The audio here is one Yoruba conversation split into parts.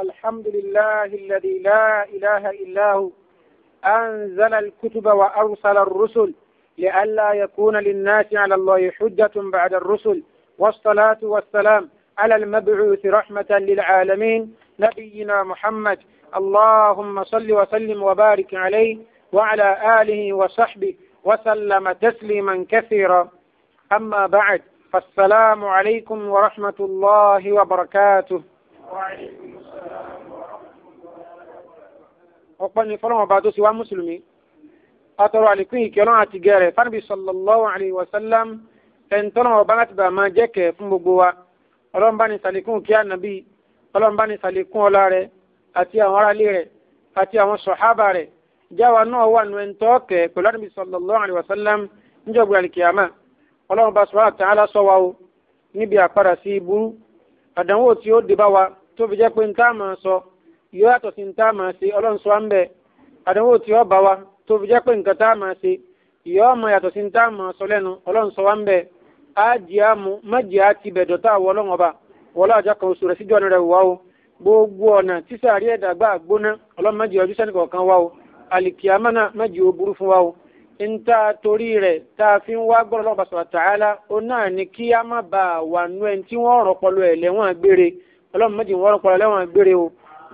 الحمد لله الذي لا إله إلا هو أنزل الكتب وأرسل الرسل لئلا يكون للناس على الله حجة بعد الرسل والصلاة والسلام على المبعوث رحمة للعالمين نبينا محمد اللهم صل وسلم وبارك عليه وعلى آله وصحبه وسلم تسليما كثيرا أما بعد فالسلام عليكم ورحمة الله وبركاته وعليكم ọpẹ́ ni fọlọ́wọ́n bá tó ti wá mùsùlùmí atọrọ àlékún ìkẹ́lọ́n àti gẹ̀rẹ̀ fábí sallallahu alayhi wa sallam ẹ̀ńtọ́nà ọba láti bá máa jẹ́kẹ̀ fún gbogbo wa ọlọ́run bá ní sàlékún kí ànábì ọlọ́run bá ní sàlékún ọlá rẹ̀ àti àwọn aráalé rẹ̀ àti àwọn sọ̀hábà rẹ̀ jáwa náà wà nù ẹ̀ńtọ́ọ̀kẹ́ pẹ̀lú ànábì sallallahu alayhi wa yóò yàtọ̀ sí tá a máa ṣe ọlọ́run sọ ń bẹ àdánwò tí ó bá wa tó fi jẹ́ pé nǹkan tá a máa ṣe yóò máa yàtọ̀ sí tá a máa sọ lẹ́nu ọlọ́run sọ wá ń bẹ á jẹ́ á mu má jẹ́ á ti bẹ̀dọ̀ tá a wọ ọlọ́run ọba wọlé àjọ kan oṣù rẹ̀ síjọ́ ọ̀nà rẹ̀ wá o gbogbo ọ̀nà tí sàárì ẹ̀dá gbà gbóná ọlọ́run ọjọ́ sẹ́ni kọ̀ọ̀kan wá o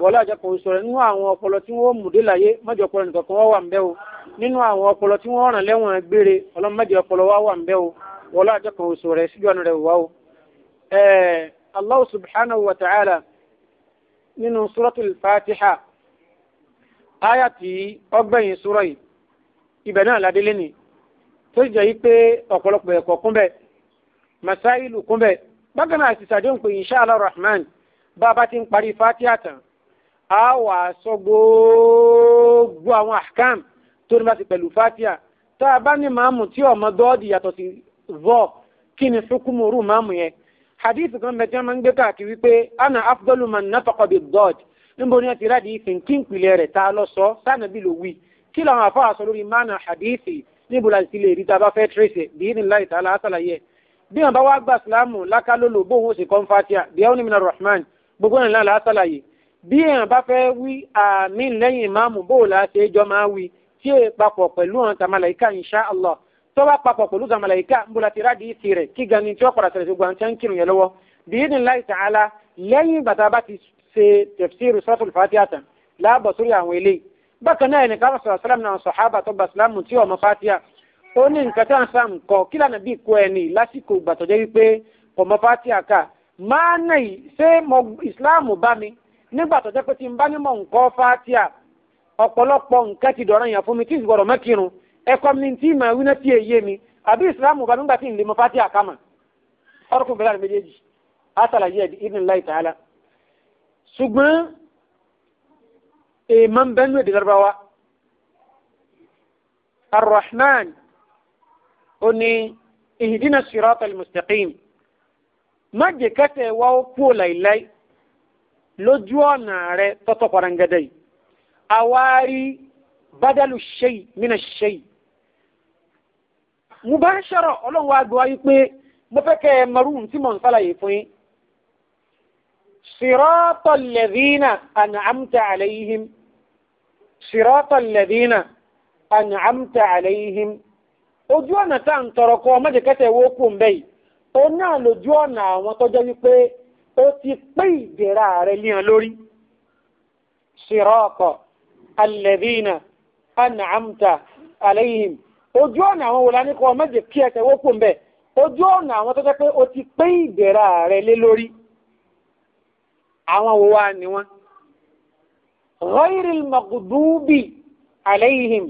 wọlé àjọpọ̀ òṣèré nínú àwọn ọpọlọ tí wọ́n mú dé láyé mọ́jọ ọpọlọ nìkan kan wà ń bẹ́ o nínú àwọn ọpọlọ tí wọ́n ràn lẹ́wọ̀n gbére ọlọ́mọ mọ́jọ ọpọlọ wá wà ń bẹ́ o wọlé àjọpọ̀ ọ̀nà o. wa ta'ala nínú suratul fatiha aya ọgbẹ̀yìn yìí ibẹ̀ náà tó jẹ́ pé ọ̀pọ̀lọpọ̀ masailu a wà sọ gbogbo àwọn àkàm tó ní bá ti pẹ̀lú fatia tá a bá ní màámù tí ọmọ dọ́ọ̀dì yàtọ̀ sí vọ kí ni hukumu rú màámù yẹn hadith kan bẹ tí wọn máa ń gbé káàkiri wípé ana afdalu man nafaqa bi dọ́ọ̀d níbo ni wọn ti rádi ìfìn kí n pìlẹ̀ rẹ̀ tá a lọ sọ sànà bí ló wí kí làwọn afọ àṣọ lórí mánà hadith níbo la ti lè rí tá bá fẹ́ tírèsì e? bí ní láì tá a lá bí wọn bá wá gbà sílámù lákàlólò bóun ó sì kọ́ fatia bí wọn ní mina bí èèyàn bá fẹ́ wí àmì lẹ́yìn ìmáàmù bóò la ṣe jọ máa wí tí èè papọ̀ pẹ̀lú àwọn tàmàlàyíkà insha Allah tó bá papọ̀ pẹ̀lú tàmàlàyíkà ń bọ̀lá ti rádi ìsì rẹ̀ kí gani tí ó padà sẹ̀rẹ̀ sí gbàǹtẹ́ ń kírun yẹn lọ́wọ́ bí ní láì ta'ala lẹ́yìn ìgbà tá a bá ti ṣe tafsir suratul fatiha láàbọ̀ sórí àwọn eléyìí bákan náà ẹnì kan sọ̀rọ̀ nígbà tó jẹ́ pé tí n bá nímọ̀ nǹkan fátíà ọ̀pọ̀lọpọ̀ nǹkan ti dọ̀rọ̀ yẹn fún mi tí ìgbọ̀rọ̀ mẹ́kìrun ẹ̀kọ́ mi tí mà wí náà tí èyé mi àbí ìsìlámù bá nígbà tí n lè mọ fátíà kama ọ̀rọ̀kùn bẹ̀rẹ̀ méjèèjì àtàlàyé ẹ̀dí ìdìn láì tààlà ṣùgbọ́n èèmọ̀ ń bẹ́nu èdè lárúbáwá arrahman ó ní ihdina sirata al-mustaqim wá ó kú láìláì lójú ọ̀nà rẹ tọ́tọ́ kọ̀rọ̀ǹgẹ̀dẹ̀ yìí àwárí bádàlù ṣẹ́yì mínà ṣẹ́yì. mo bá ń ṣọ̀rọ̀ ọlọ́run wa gbọ́ wáyé pé mo fẹ́ kẹ́ ẹ mọ̀rú tí mò ń sálàyé fún yín. sirọ́tọ̀ lẹ́dínà ànàmtà àlẹ́yìn sirọ́tọ̀ lẹ́dínà ànàmtà àlẹ́yìn ojú ọ̀nà tá à ń tọrọ kọ́ ọmọdé kẹtẹ̀ wó kù ń bẹ́yìí òun náà lójú ọ̀nà àwọn tọ́jọ́ wípé ó ti pé ìdẹ̀ra rẹ̀ líhan lórí sirata alladhina an'amta alayhim ojú ọ̀nà àwọn wòlá ní kọ́ ọ mẹ́jẹ̀ kí ẹsẹ̀ wó pòun bẹ́ẹ̀ ojú ọ̀nà àwọn tó jẹ́ pé ó ti pé ìdẹ̀ra rẹ̀ lé lórí àwọn wo ni wọ́n ghayril maghdubi alayhim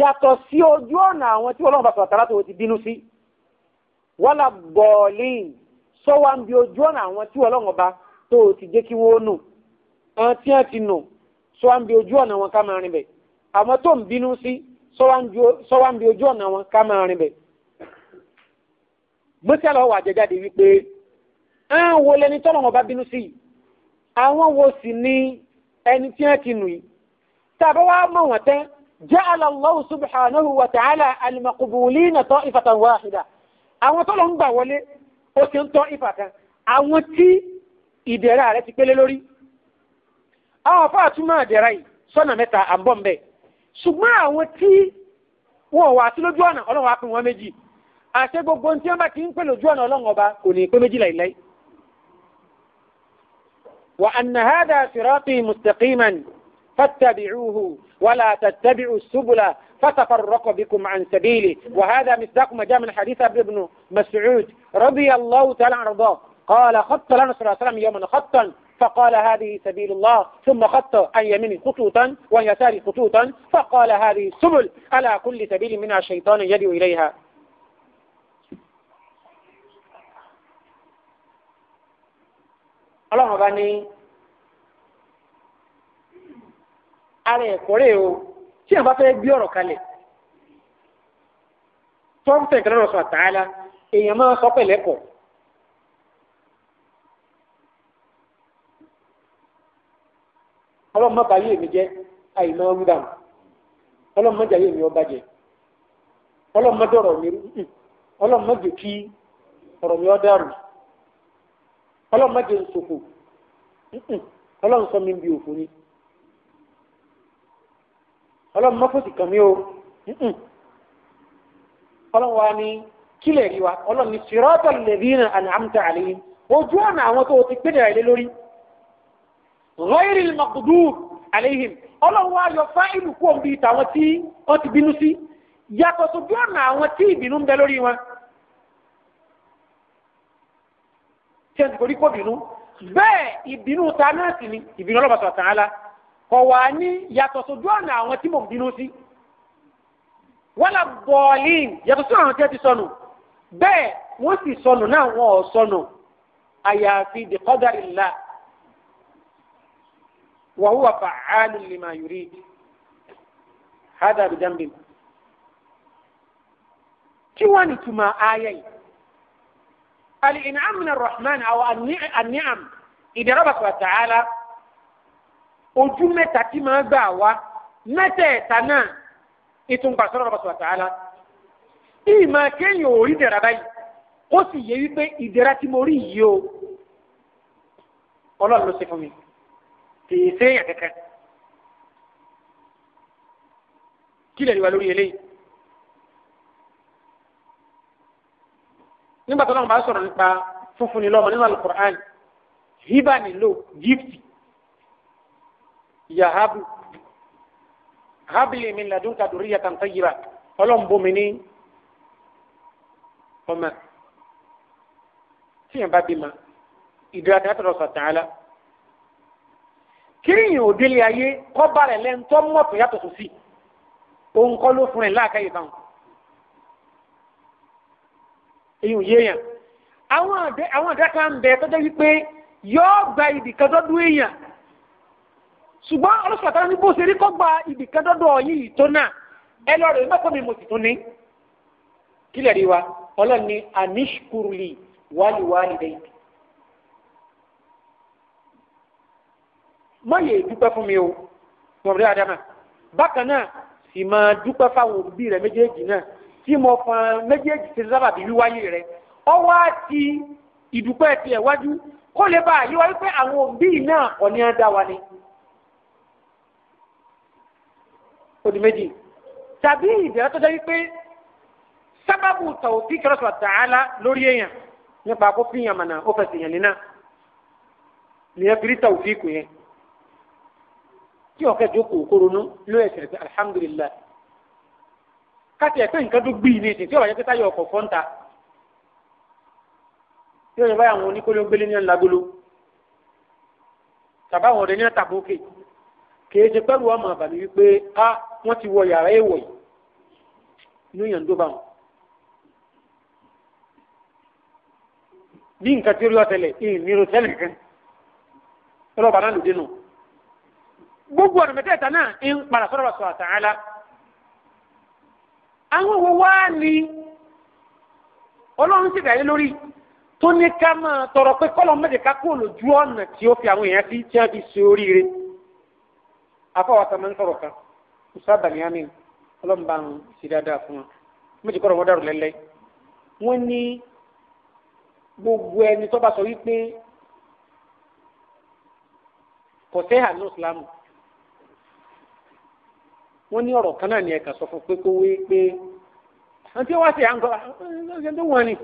yàtọ̀ sí ojú ọ̀nà àwọn tí ọlọ́run bá sọ̀rọ̀ tààrà tó ti bínú sí wala ddallin sọ́wọ́ ń bi ojú ọ̀nà àwọn tí ọlọ́run ọba tó o ti jẹ́ kí wọ́n nù àwọn tí wọ́n ti nù sọ́wọ́ ń bi ojú ọ̀nà wọn ká máa rìn bẹ̀ àwọn tó ń bínú sí sọ́wọ́ ń ojú ọ̀nà wọn ká máa rìn bẹ̀. gbèsè lọ́wọ́ àjẹjáde wípé àwọn wo lẹni tọ́lọ́run ọba bínú sí àwọn wo sì ni ẹni tí wọ́n ti nù yìí tàbí wàá mọ̀ wọ́n tẹ́ جعل الله ó ti ń tọ́ ìfà kan àwọn tí ìdẹ̀ra rẹ̀ ti pélé lórí àwọn afáà tún máa yìí sọ́nà mẹ́ta à ṣùgbọ́n àwọn tí wọn wà sí lójú ọ̀nà ọlọ́run á pín wọn méjì gbogbo tí wọn bá ti ń pè lójú ọ̀nà ọlọ́run ọba subula فتفرق بكم عن سبيلي وهذا مصداق ما جاء من حديث أبي بن مسعود رضي الله تعالى عنه رضاه قال خط لنا صلى الله عليه وسلم يوما خطا فقال هذه سبيل الله ثم خط عن يمين خطوطا وعن خطوطا فقال هذه سبل على كل سبيل منها شيطان يدعو إليها ọlọ́run ọba ní ara ẹ̀kọ́ rẹ̀ o tí yẹn bá fẹ́ gbé ọ̀rọ̀ kalẹ̀ tọ́ǹtẹ̀ kan lọ́rọ̀ sọ èèyàn máa sọ pọ̀ ọlọ́mọ bá yé mi jẹ́ àìmọ́ wúdà mọ́ ọlọ́mọ jà yé mi ọba jẹ ọlọ́mọ dọ̀rọ̀ mi ọlọ́mọ kí ọ̀rọ̀ mi ọ̀dà rù ọlọ́mọ ọlọ́mọ sọ mi bí òfò ni. ọlọ́run mọ́fòsì kàn mí o ọlọ́run wa ni kílẹ̀ rí wa ọlọ́run ni sirata alladhina an'amta alayhim ojú ọ̀nà àwọn tó ti gbéra ilé lórí ghayril maghdubi alayhim ọlọ́run wa yọ fáìlù kú òun bíi tàwọn tí wọ́n ti bínú sí yàtọ̀ sójú ọ̀nà àwọn tí ìbínú ń bẹ lórí wọn. tí a ti kò rí kó bínú bẹ́ẹ̀ ìbínú ta náà sì ni ìbínú ọlọ́pàá kọ̀ wá ní yàtọ̀ sójú ọ̀nà àwọn tí mò ń bínú sí wọ́n bọ̀ọ̀lì yàtọ̀ sí àwọn tí wọ́n ti sọnù bẹ́ẹ̀ wọ́n sì sọnù náà wọ́n ò sọnù àyàfi bi qadarillah wa huwa fa'alu lima yurid hada bi dambin kí wọ́n ní tuma ayé yìí al-in'am min ar-rahman aw an-ni'am idaraba ojú mẹ́ta tí máa gbà wá mẹ́tẹ̀ẹ̀ta náà ìtúngbà sọ́dọ̀ Ọba Subhanahu wa Ta'ala ìmọ̀ kéèyàn ò rí dẹ̀ra báyìí ó sì yẹ wípé ìdẹ̀ra tí mo rí yìí o ọlọ́run ló ṣe fún mi kì í ṣe èèyàn kankan kí lè rí wa lórí eléyìí. nígbà tó náà bá sọ̀rọ̀ nípa fúnfun ni lọ́mọ nínú Al-Qur'an hibani lo gift ya habu habili min ladunka duriyatan tayyiba ọlọ́run bomi ní ọmọ tíyẹn bá bímọ ìdúrà tí a tọrọ sọ tàn án la kíríyìn òdìlẹ̀ ayé kọ́ba rẹ̀ lẹ́ńtọ́ mọ̀tò yàtọ̀ tó sí òun kọ́ ló fún ẹ̀ láàkáyè báwọn èyí ò yéèyàn àwọn àdá kan ń bẹ tọ́jọ́ wípé yọ́ọ́ gba ibì kan tó dún èèyàn ṣùgbọ́n ọlọ́sọ̀tà ní bó ṣe rí kọ́ gba ibì kan dọ́dọ̀ yìí tó náà ẹ lọ rẹ̀ mẹ́kọ́ mi mo sì tún ní. kílẹ̀ rí wa ọlọ́run ní anishkuruli wàlíwàlí dẹ́yìn. mọ̀yẹ̀ dúpẹ́ fún mi o wọ̀n rí adama bákan náà sì máa dúpẹ́ fáwọn òbí rẹ̀ méjèèjì náà tí mo fan méjèèjì ti sábàbí wíwáyé rẹ̀ ọwọ́ àti ìdúpẹ́ tiẹ̀ wájú kó lè bá àyíwá wípé àwọn òbí náà ọ̀nìyàn odi méjì tàbí ìdẹ̀rẹ́ tó jẹ́ wípé sábàbù tàwọn tí kẹrọ sọ̀rọ̀ tààlà lórí èèyàn nípa kó fi yàn mànà ó fẹsẹ̀ yàn nínà nìyẹn fi rí tàwọn fi kù yẹn tí ọ̀kẹ́ jókòó kóronú ló ẹ̀sẹ̀ pé alhamdulillah káti ẹ̀ pé nǹkan tó gbì ní ìsìn tí ọ̀rọ̀ yẹn pé táyọ̀ ọkọ̀ fọ́ńtà tí ó yẹ báyà àwọn oníkólógbélé ní ọ̀làgbóló tàbáwọn ọ̀rẹ́ ní ọ̀tàbókè kìí ṣe pẹ́lú ọmọ àbàmì wípé a ah, wọ́n ti wọ yàrá èèwọ̀ yìí inú yàn dó bá wọn. bí nǹkan tí ó rí ọ̀tẹ̀lẹ̀ ìhìn nírò tẹ́lẹ̀ kan ọlọ́ọ̀bà náà lòdì nù. gbogbo ọ̀nà mẹ́tẹ̀ẹ̀ta náà ń padà sọ́dọ̀ sọ àtàlá. àwọn wo wá ní ọlọ́run sì dàrí lórí tó ní ká máa tọrọ pé kọ́lọ́ mẹ́tẹ̀ẹ̀ká kúrò lójú ọ̀nà tí ó fi àwọn èèyàn sí tí wọ́n fi ṣe oríire afọwọ́ta máa ń sọ̀rọ̀ kan musa banyamin ọlọ́mba ń ṣe dáadáa fún wa méjì kọ́ ọ̀rọ̀ wọn dàrú lẹ́lẹ́ wọ́n ní gbogbo ẹni tó bá sọ wípé kò sẹ́hà ní ìsìlámù wọ́n ní ọ̀rọ̀ kan náà ni ẹ̀ka sọ fún pé kó wé pé àti wọ́n ṣe à ń gbọ́ ẹ̀ ń tó wọ́n ni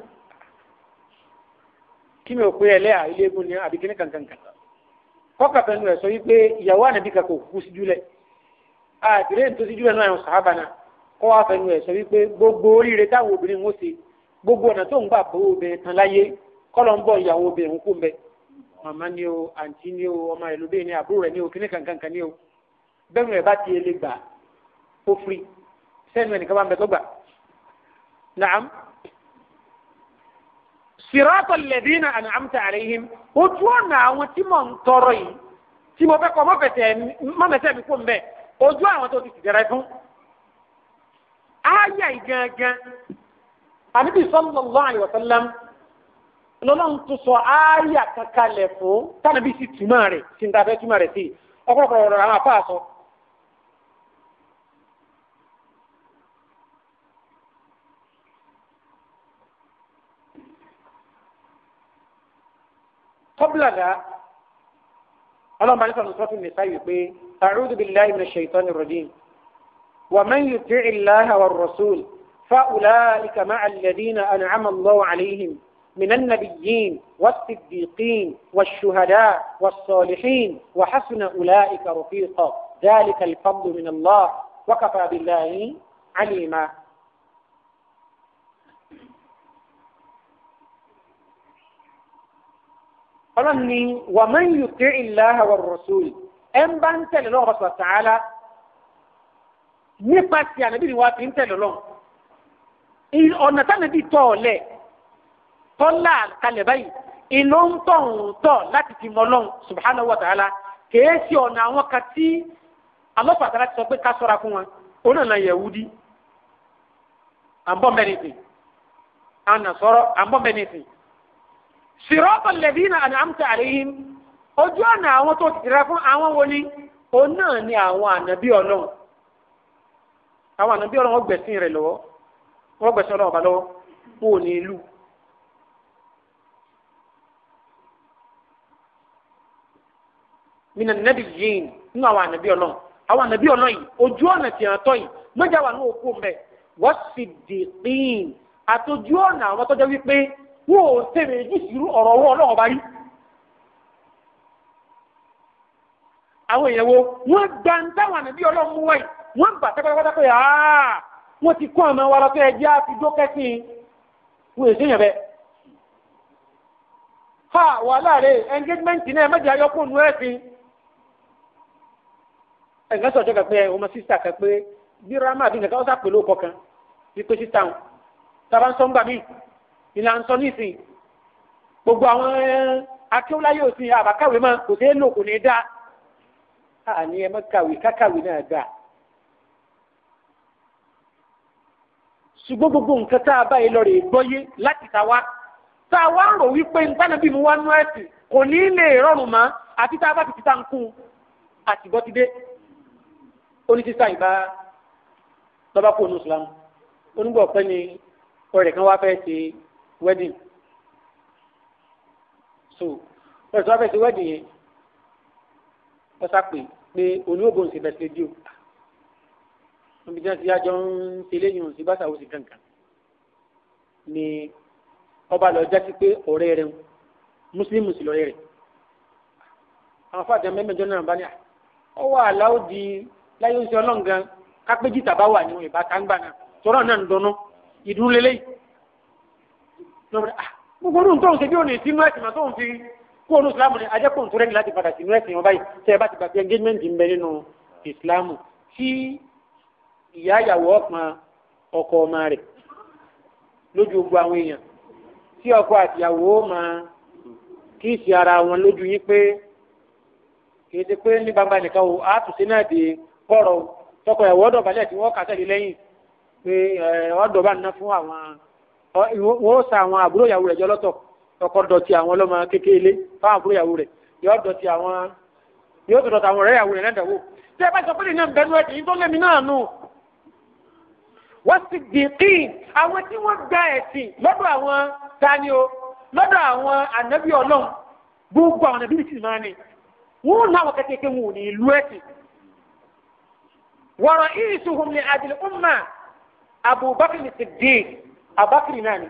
kí mi ò pé ẹlẹ́yà ilé egun ni àbí kankan kankan kọ́kà fẹ́nu ẹ̀ sọ wípé ìyàwó ànábì kakọ̀ kú síjúlẹ̀ àtìlẹ́ tó síjúlẹ̀ náà àwọn sàhábà náà kọ́ wá fẹ́nu ẹ̀ sọ wípé gbogbo oríire táwọn obìnrin ń ṣe gbogbo ọ̀nà tó ń gbà bó obìnrin tán láyé kọ́lọ̀ ń bọ̀ ìyàwó obìnrin kú mbẹ́ màmá ni o àǹtí ni o ọmọ rẹ̀ lóbìnrin ni àbúrò rẹ̀ ni o kíní kankankan ni o bẹ́ẹ̀ni ẹ̀ bá ti ele gbà ó firi sẹ́nu ẹnìkan bá ń bẹ tó gbà sirata alladhina an'amta alayhim na ọ̀nà àwọn tí mò ń tọrọ yìí tí mo ojú àwọn tó ti tìjẹrẹ fún. ayé gangan àníbi sallallahu alayhi wa sallam tó sọ ayé kankanlẹ̀ fún tánàbí sì kọ́bìlàdà ọlọ́mọba ní sọ̀rọ̀ sọ́tún nìsa yìí pé a'udhu billahi minash shaitanir rajim wa man yuti'i llaha war rasul fa ulaika ma'a alladhina an'ama Allahu alayhim من النبيين والصديقين والشهداء والصالحين وحسن أولئك رفيقا ذلك الفضل من الله وكفى بالله عليما ọlọ́run ni wà máa ń yùté ìlàhà wà rọ̀sọ́ọ̀lì ẹ̀ ń bá ń tẹ̀lé lọ́wọ́ tààlà nípa ti ànábì ni wà á fi ń tẹ̀lé lọ́wọ́ ọ̀nà tánàbì tọ̀ tọ́lá kalẹ̀ báyìí ìlú ń tọ̀ ń tọ̀ láti fi mọ́ lọ́wọ́ subhanahu wa ta'ala kèé ọ̀nà àwọn kan tí alọ́pàá tààlà ti sọ pé ká sọ́ra fún wọn sirọ́tọ̀ na ànàmtà àríyìn ojú ọ̀nà àwọn tó ti rẹ fún àwọn wọlé òun náà ni àwọn anabi ọlọ́run àwọn ànàbí ọlọ́run wọ́n gbẹ̀sìn rẹ̀ lọ́wọ́ wọ́n gbẹ̀sìn ọlọ́run ọba lọ́wọ́ wọn ò ní ìlú. mina nabi yin nínú àwọn ànàbí ọlọ́run àwọn ànàbí ọlọ́run yìí ojú ọ̀nà tí a tọ́ yìí mọ́jà wà ní òkú mẹ́ wọ́n sì dìpín àtòjú wọn ò tẹ̀lé ìṣirú ọ̀rọ̀ wọn náà bá rí. àwọn èèyàn wo wọ́n gba ń táwọn ànábí ọlọ́run mú wáyé wọ́n gbà tẹ́pẹ́tẹ́pẹ́ pé wọ́n ti kọ́ àmọ́ wa lọ fẹ́ jẹ́ àfijó kẹ́sì wọ́n èsì yẹn bẹ́ẹ̀. ha wà láàrin engagement náà mẹ́jọ ayọ́kùn nù ẹ̀sìn. ẹ̀gbẹ́ sọ̀tọ́ kan pé ọmọ sísá kan pé bí rámà bí nǹkan ọ̀sà pẹ̀lú ọkọ̀ kan bí pé sísá wọn tàbá ń sọ ń gbà míì ìlànà sọ nísìn gbogbo àwọn akéwòláyé òsìn àbákàwé mọ kò sí èlò kò ní dá àní ẹ mọ kàwé kákàwé náà dá ṣùgbọ́n gbogbo nǹkan tá a bá yìí lọ rè gbọ́yé láti ta wá tá a wá ń rò wípé nǹkan bí mo wá nú ẹ̀sìn kò ní lè rọrùn mọ́ àti tá a bá ti ti ta ń kún àtìgbọ́ ti dé oníṣíṣà ìbá lọ́ba kó onú Islam onígbà ọ̀pẹ ni ọ̀rẹ́ kan wá fẹ́ ṣe wedding so wọ́n ti wá fẹ́ ṣe wedding yẹn wọ́n sá pé pé oníwòbó ṣe bẹ́ẹ̀ ṣe díò níbi tí wọ́n ti yájọ́ ń ṣe léyìn òsì bá ṣàwọ́sì kankan ni ọba lọ jásí pé ọ̀rẹ́ rẹ̀ mùsùlùmí sì lọ́rẹ́ rẹ̀ àwọn fàtẹ mẹ́mẹ́jọ náà bá ní à ah, ọ wà láwù di láyé oṣù ọlọ́ǹgan kápẹ́jì tàbá wà ní ìbátan gbà náà tọ́rọ̀ náà ń dọ́nà ìdúró lélẹ́yìí lọ́wọ́ ah gbogbo onú tóun ṣe bí òní sínú ẹ̀sìn máa tóun fi kó onú ìsìlámù ni ajẹ́kùn tó rẹ́ni láti padà sínú ẹ̀sìn wọn báyìí tẹ́ ẹ bá ti gbàgbé engagement ń bẹ nínú ìsìlámù tí ìyá ìyàwó ọ̀pọ̀ ọkọ ọmọ rẹ̀ lójú gbogbo àwọn èèyàn tí ọkọ àtìyàwó máa kí ìsì ara wọn lójú yín pé kìí ṣe pé ní gbangba nìkan o àtúnṣe náà dé kọ̀rọ̀ tọkọ ìyàwó ọ̀dọ̀ balẹ̀ tí wọ́n kà sẹ́yìn wọ́n sa àwọn àbúrò ìyàwó rẹ̀ jọlọ́tọ̀ ọkọ dọ̀tí àwọn ọlọ́mọ kékeré fáwọn àbúrò ìyàwó rẹ̀ yóò dọ̀tí àwọn yóò dọ̀tí àwọn ọ̀rẹ́ ìyàwó rẹ̀ náà dàwó tí ẹ bá sọ pé lè náà bẹnu ẹ̀dì tó lẹ́mi náà nù. wọ́n sì dìkì àwọn tí wọ́n gba ẹ̀sìn lọ́dọ̀ àwọn tani o lọ́dọ̀ àwọn ànábì ọlọ́run gbogbo àwọn ànábì sì máa ní wọ́n náà wọ́n kẹ́kẹ́ wọn ò ní ìlú ẹ̀sìn. wọ̀rọ̀ ìṣùhùn ní àdìl Abubakar Siddiq abakiri náà ni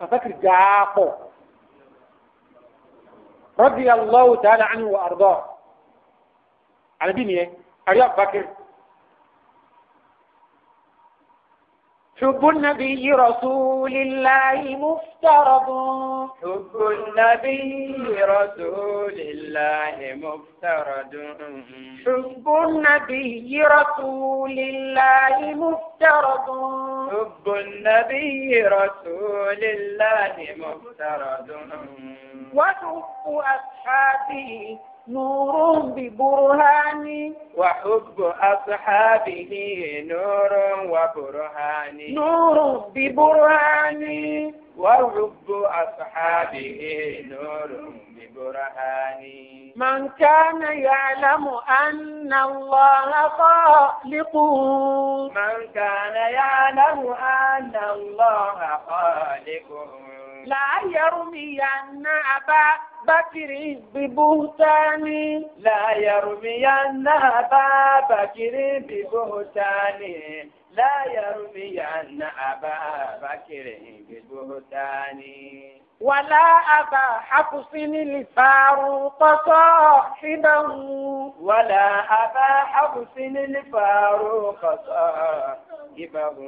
abakiri gaapọ rọdiyallahu ta'ala anhu wa ardọ alabi nìyẹn ari abakiri. حب النبي رسول الله مفترض حب النبي رسول الله مفترض حب النبي رسول الله مفترض حب النبي رسول الله مفترض وحب أصحابه نور ببرهان وحب أصحابه نور وبرهان نور ببرهان وحب أصحابه نور ببرهان من كان يعلم أن الله خالقه من كان يعلم أن الله خالقه لا يرمين أبا بكر ببهتان لا يرمين أبا بكر ببهتان لا يرمين أبا بكر ببهتان ولا أبا حفص الفاروق صاحبه ولا أبا حفص الفاروق صاحبه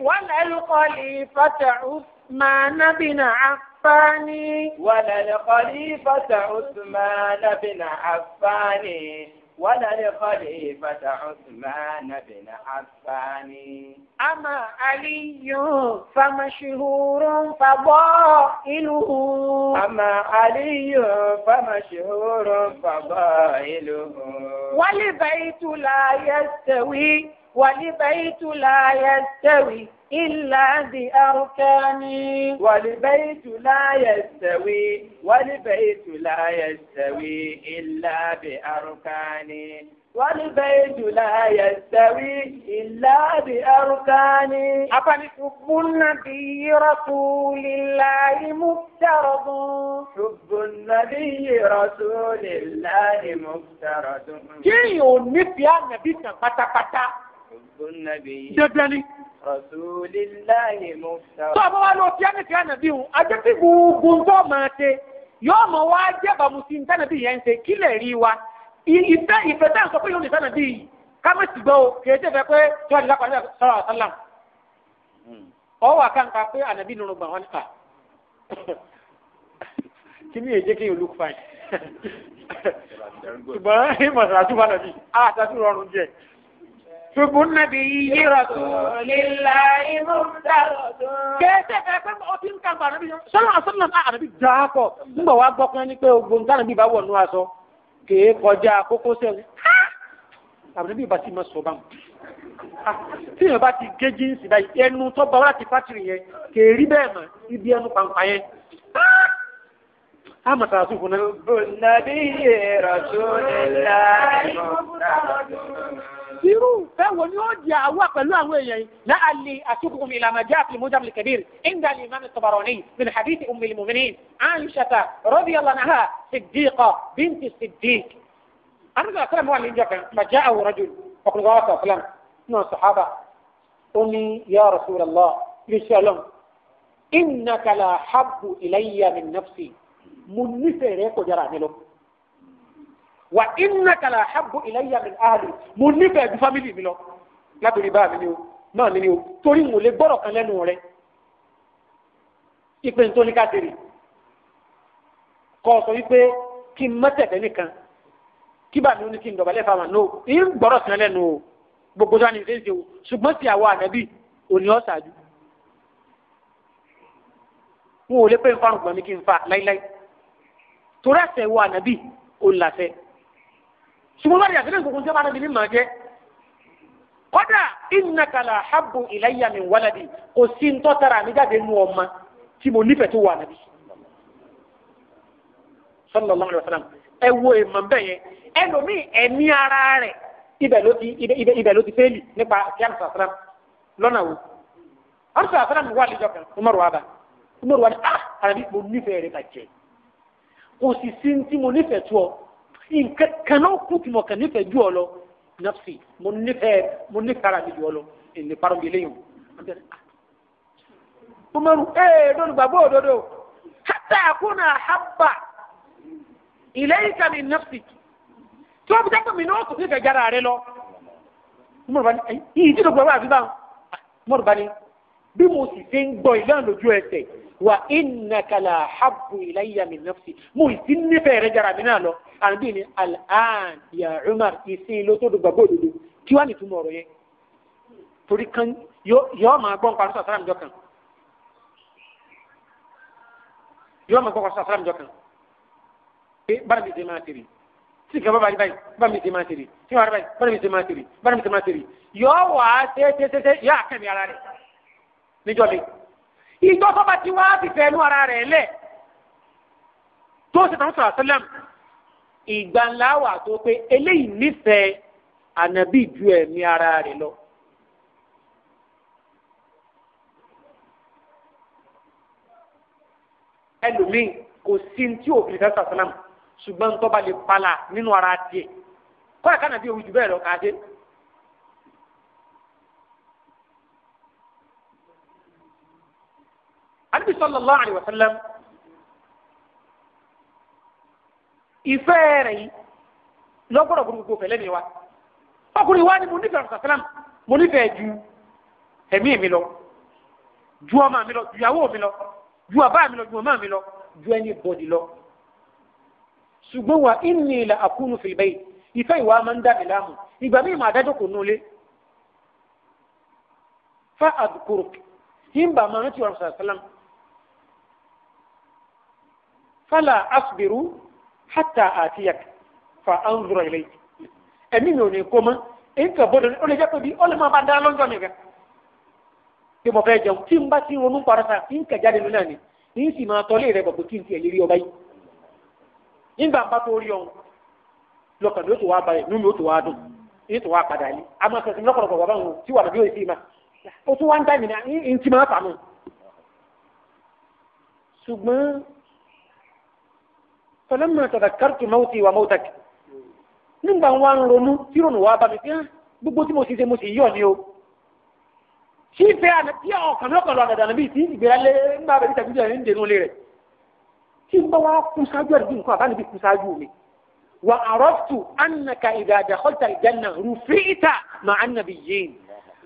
ولا الخليفة عثمان عثمان بن عفان ولا الخليفة عثمان بن عفان ولا الخليفة عثمان بن عفان أما علي فمشهور فضائله أما علي فمشهور فضائله والبيت لا يستوي والبيت لا يستوي إلا بأركان والبيت لا يستوي والبيت لا يستوي إلا بأركان والبيت لا يستوي إلا بأركان أفن حب النبي رسول الله مفترض حب النبي رسول الله مفترض كي يوني فيها النبي كان باتا باتا حب النبي دبلني rasulillahi mufta. tó o bá wá lọ sí ẹnìkan ànàbí hùn ajé tí gbogbo tó máa ṣe yóò mọ wá jẹba musin tànàbí yẹn ń ṣe kí lè rí wa ìfẹ́ ìfẹ́ tá à ń sọ pé yóò ní tànàbí yìí kámẹ́sì gbọ́ o kì í ṣe fẹ́ pé tí wọ́n ti lápá nílẹ̀ sọ́rọ̀ ọ̀sálàm. ọ wà káńká pé ànàbí nínú gbà wọn nípa kí ni èjé kí n look fine. ṣùgbọ́n ìmọ̀ sàtúbà nàbí àtàtú rọrùn jẹ. Ṣùgbọ́n nàbí yí rọ̀tún lílá inú dàrọ̀tún. Kéèké ẹgbẹ́ mọ́ ọtí ń kàgbà ànábì yẹn. Sọ́nà àṣọ́nà náà ànábì já pọ̀. Nígbà wá gbọ́ pé ní pé ogun tánà bí bá wọ̀ nú aṣọ. tó bá wá láti náà. يرو فهو يودي أو قال له وين لعلي أتركم إلى ما جاء في المجمع الكبير عند الإمام الطبراني من حديث أم المؤمنين عائشة رضي الله عنها صديقة بنت الصديق أنا لا أكلم هو الإنجاب ما جاءه رجل وقال الله عليه وسلم من الصحابة أمي يا رسول الله بسلام إنك لا حب إلي من نفسي من نفسي ريكو جرعني لك wa innaka kala habbu ilayya min ahli mo nífẹ̀ẹ́ ju fámìlì mi lọ látòrí bá mi ni o náà mi ni o torí mo lè gbọ́dọ̀ kan lẹ́nu rẹ ìpè nítorí ká tèrè kọ́ ọ sọ wípé kí n mọ́tẹ̀fẹ́ nìkan kí bàmí ó ní kí n dọ̀bálẹ̀ fáwọn náà ń gbọ́dọ̀ sí lẹ́nu o gbogbo sani ṣe ń ṣe o ṣùgbọ́n ti àwọn ànábì òní ọ̀ṣáájú n ò lè pé n fa rògbòmí kí n fa láíláí torí àṣẹ ìwọ ànábì òun làṣẹ ṣùgbọ́n lọ́dẹ̀ àti lẹ́yìn kòkòrò jẹ́bàá níbi máa jẹ́ kọ́dà ìnàkàlà habbu ìlàyà mi wàlàdì kò sí ń tọ́tara mi jáde nù ọmọ tí mo nífẹ̀ẹ́ tó wà nàbí. sallallahu alaihi wasallam ẹ wo èèmọ̀ bẹ́ẹ̀ yẹn ẹlòmíì ẹ̀mí ara rẹ̀ ibẹ̀ ló ti fẹ́ẹ̀lì nípa kíá sàlám lọ́nà wo. àrùsà sàlám wà lẹ́jọ́ kan umaru wa bá umaru wa ni ah àràbí mo nífẹ̀ẹ́ rẹ̀ bàjẹ́ kò sì sí ń mo nífẹ̀ẹ́ tó nǹkan kan náà kú tí mo kàn nafsi mo nífẹ̀ẹ́ mo nífẹ̀ẹ́ ara mi ju ọ lọ èmi parọ́ mi léyìn o ah. mo rú ee eh, lórí gbàgbọ́ òdodo hata akuna habba ilayka min nafsi tí wọ́n fi dákọ̀ mi náà kò nífẹ̀ẹ́ jára rẹ lọ mo rú bá ní ìdí ló gbọ́ wá àbí báwọn ah, bí mo sì ṣe ń gbọ́ ìlànà lójú ẹsẹ̀ wà ìnàkàlà àbù ìlàyàmì nọ́ọ̀sì mo sì nífẹ̀ẹ́ rẹ jara mi náà lọ àbí ni alhan ya Umar ìsìn ló tó dùgbà gbòdodo kí wàá nìtumọ̀ ọ̀rọ̀ yẹn torí kan yọọ máa gbọ́ nǹkan sọ̀tàrà mi jọkàn yọọ máa gbọ́ nǹkan sọ̀tàrà mi jọkàn pé bára mi ṣe máa tèrè tí ìkẹ́ bábà rí báyìí bára mi ṣe máa tèrè tí wàá rí báyìí bára mi ṣe máa tèrè bára mi ṣe máa tèrè yọọ wàá tẹ́tẹ́tẹ́tẹ́ yọ àkànmí ara rẹ̀ níjọ́ mi ìjọ tó bá ti wá ti fẹ́ ẹnu ara rẹ̀ lẹ̀ tó ṣe tán sọ̀rọ̀ sẹ́lẹ̀m ìgbà ńlá wà tó pé eléyìí nífẹ̀ẹ́ ànábì ju ẹ̀mí ara rẹ̀ lọ. ẹlòmíì kò sí tí òfin ìfẹ́ sọ̀rọ̀ ṣùgbọ́n tó bá lè pala nínú ara tiẹ̀ kọ́ ẹ̀ka nàbí òwú jù bẹ́ẹ̀ lọ kàdé. anabi sallallahu alayhi wa sallam ìfẹ́ rẹ̀ yìí lọ́gbọ́dọ̀ gbogbo fẹ̀lẹ́ mi wa ọkùnrin wa ni mo nífẹ̀ẹ́ ọ̀sán sálám mo nífẹ̀ẹ́ ju ẹ̀mí mi lọ ju ọmọ mi lọ ju ìyàwó mi lọ ju bàbá mi lọ ju màmá mi lọ ju ẹni bọ̀dì lọ ṣùgbọ́n wa inni la akunu fil bayt ìfẹ́ ìwà máa ń dá mi láàmú ìgbà míì máa dájọ́ kò nulẹ̀ fa àdùkùrù yìí bà máa rántí ọ̀rọ̀ sàlám fala asbiru hatta atiyak fa anzura ilayk èmi mi ò ní kó mọ́ nǹkan bọ́dọ̀ ní ọlẹ́jà pé bí ọlọ́mọ bá dáná lọ́jọ́ mi gan. bí mo fẹ́ jẹun tí n bá ti ronú parata nǹkan jáde gbogbo kí n tiẹ̀ lè rí ọba yìí. nígbà bá tó rí a fọlẹ́mọ̀ tàdàkàrùtù mọ́tì wà mọ́tàkì nígbà wa ń ronú tí ronú wa bá mi fi hàn gbogbo tí mo sì ṣe mo sì yọ̀ ni o tí ìfẹ́ àná tí ọkàn náà kàn lọ àdàdà níbi tí ìgbéyàlé ńgbà bẹ̀rẹ̀ tàbí ìjọba ń dènú ilé rẹ̀ tí ń bá wa kú sáájú àdúgbò nǹkan àbá níbi kú sáájú mi wa arọ́tù annaka ìdàdà kọ́ta ìjánà rufita ma annabi yéen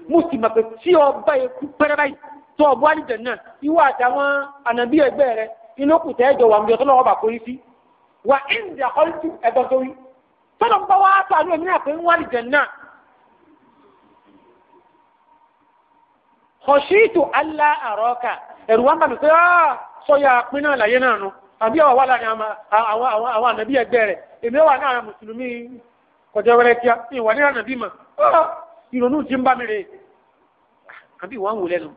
mo sì mọ̀ pé tí ọba ikú pẹ́rẹ́ báyìí tó ọba àlìjẹ̀ náà ìwọ àtàwọn ànàbí ẹgbẹ́ rẹ̀ inú kùtẹ́ ẹ̀jọ̀ wà ń bí ọtọ́ lọ́wọ́ bà kórìí sí wà ìndí àkọ́lùtù ẹ̀gbọ́n tó wí tọ́lọ̀ ń bá wá sàánú èmi náà pé ń wá lè jẹ̀ náà. kọ̀ṣíìtù alá àrọ́ọ̀kà ẹ̀rù wa ń bà mí pé ah, sọ́yà pín náà láyé náà nu àbí àwọn wà láàrin àwọn ànàbí ẹgbẹ́ rẹ̀ èmi wà náà mùsùlùmí kọjá wẹrẹ kíá ìwà ní ànàbí mà ah, ìrònú ti ń bá mi rè àbí ìwà ń wò lẹ́nu.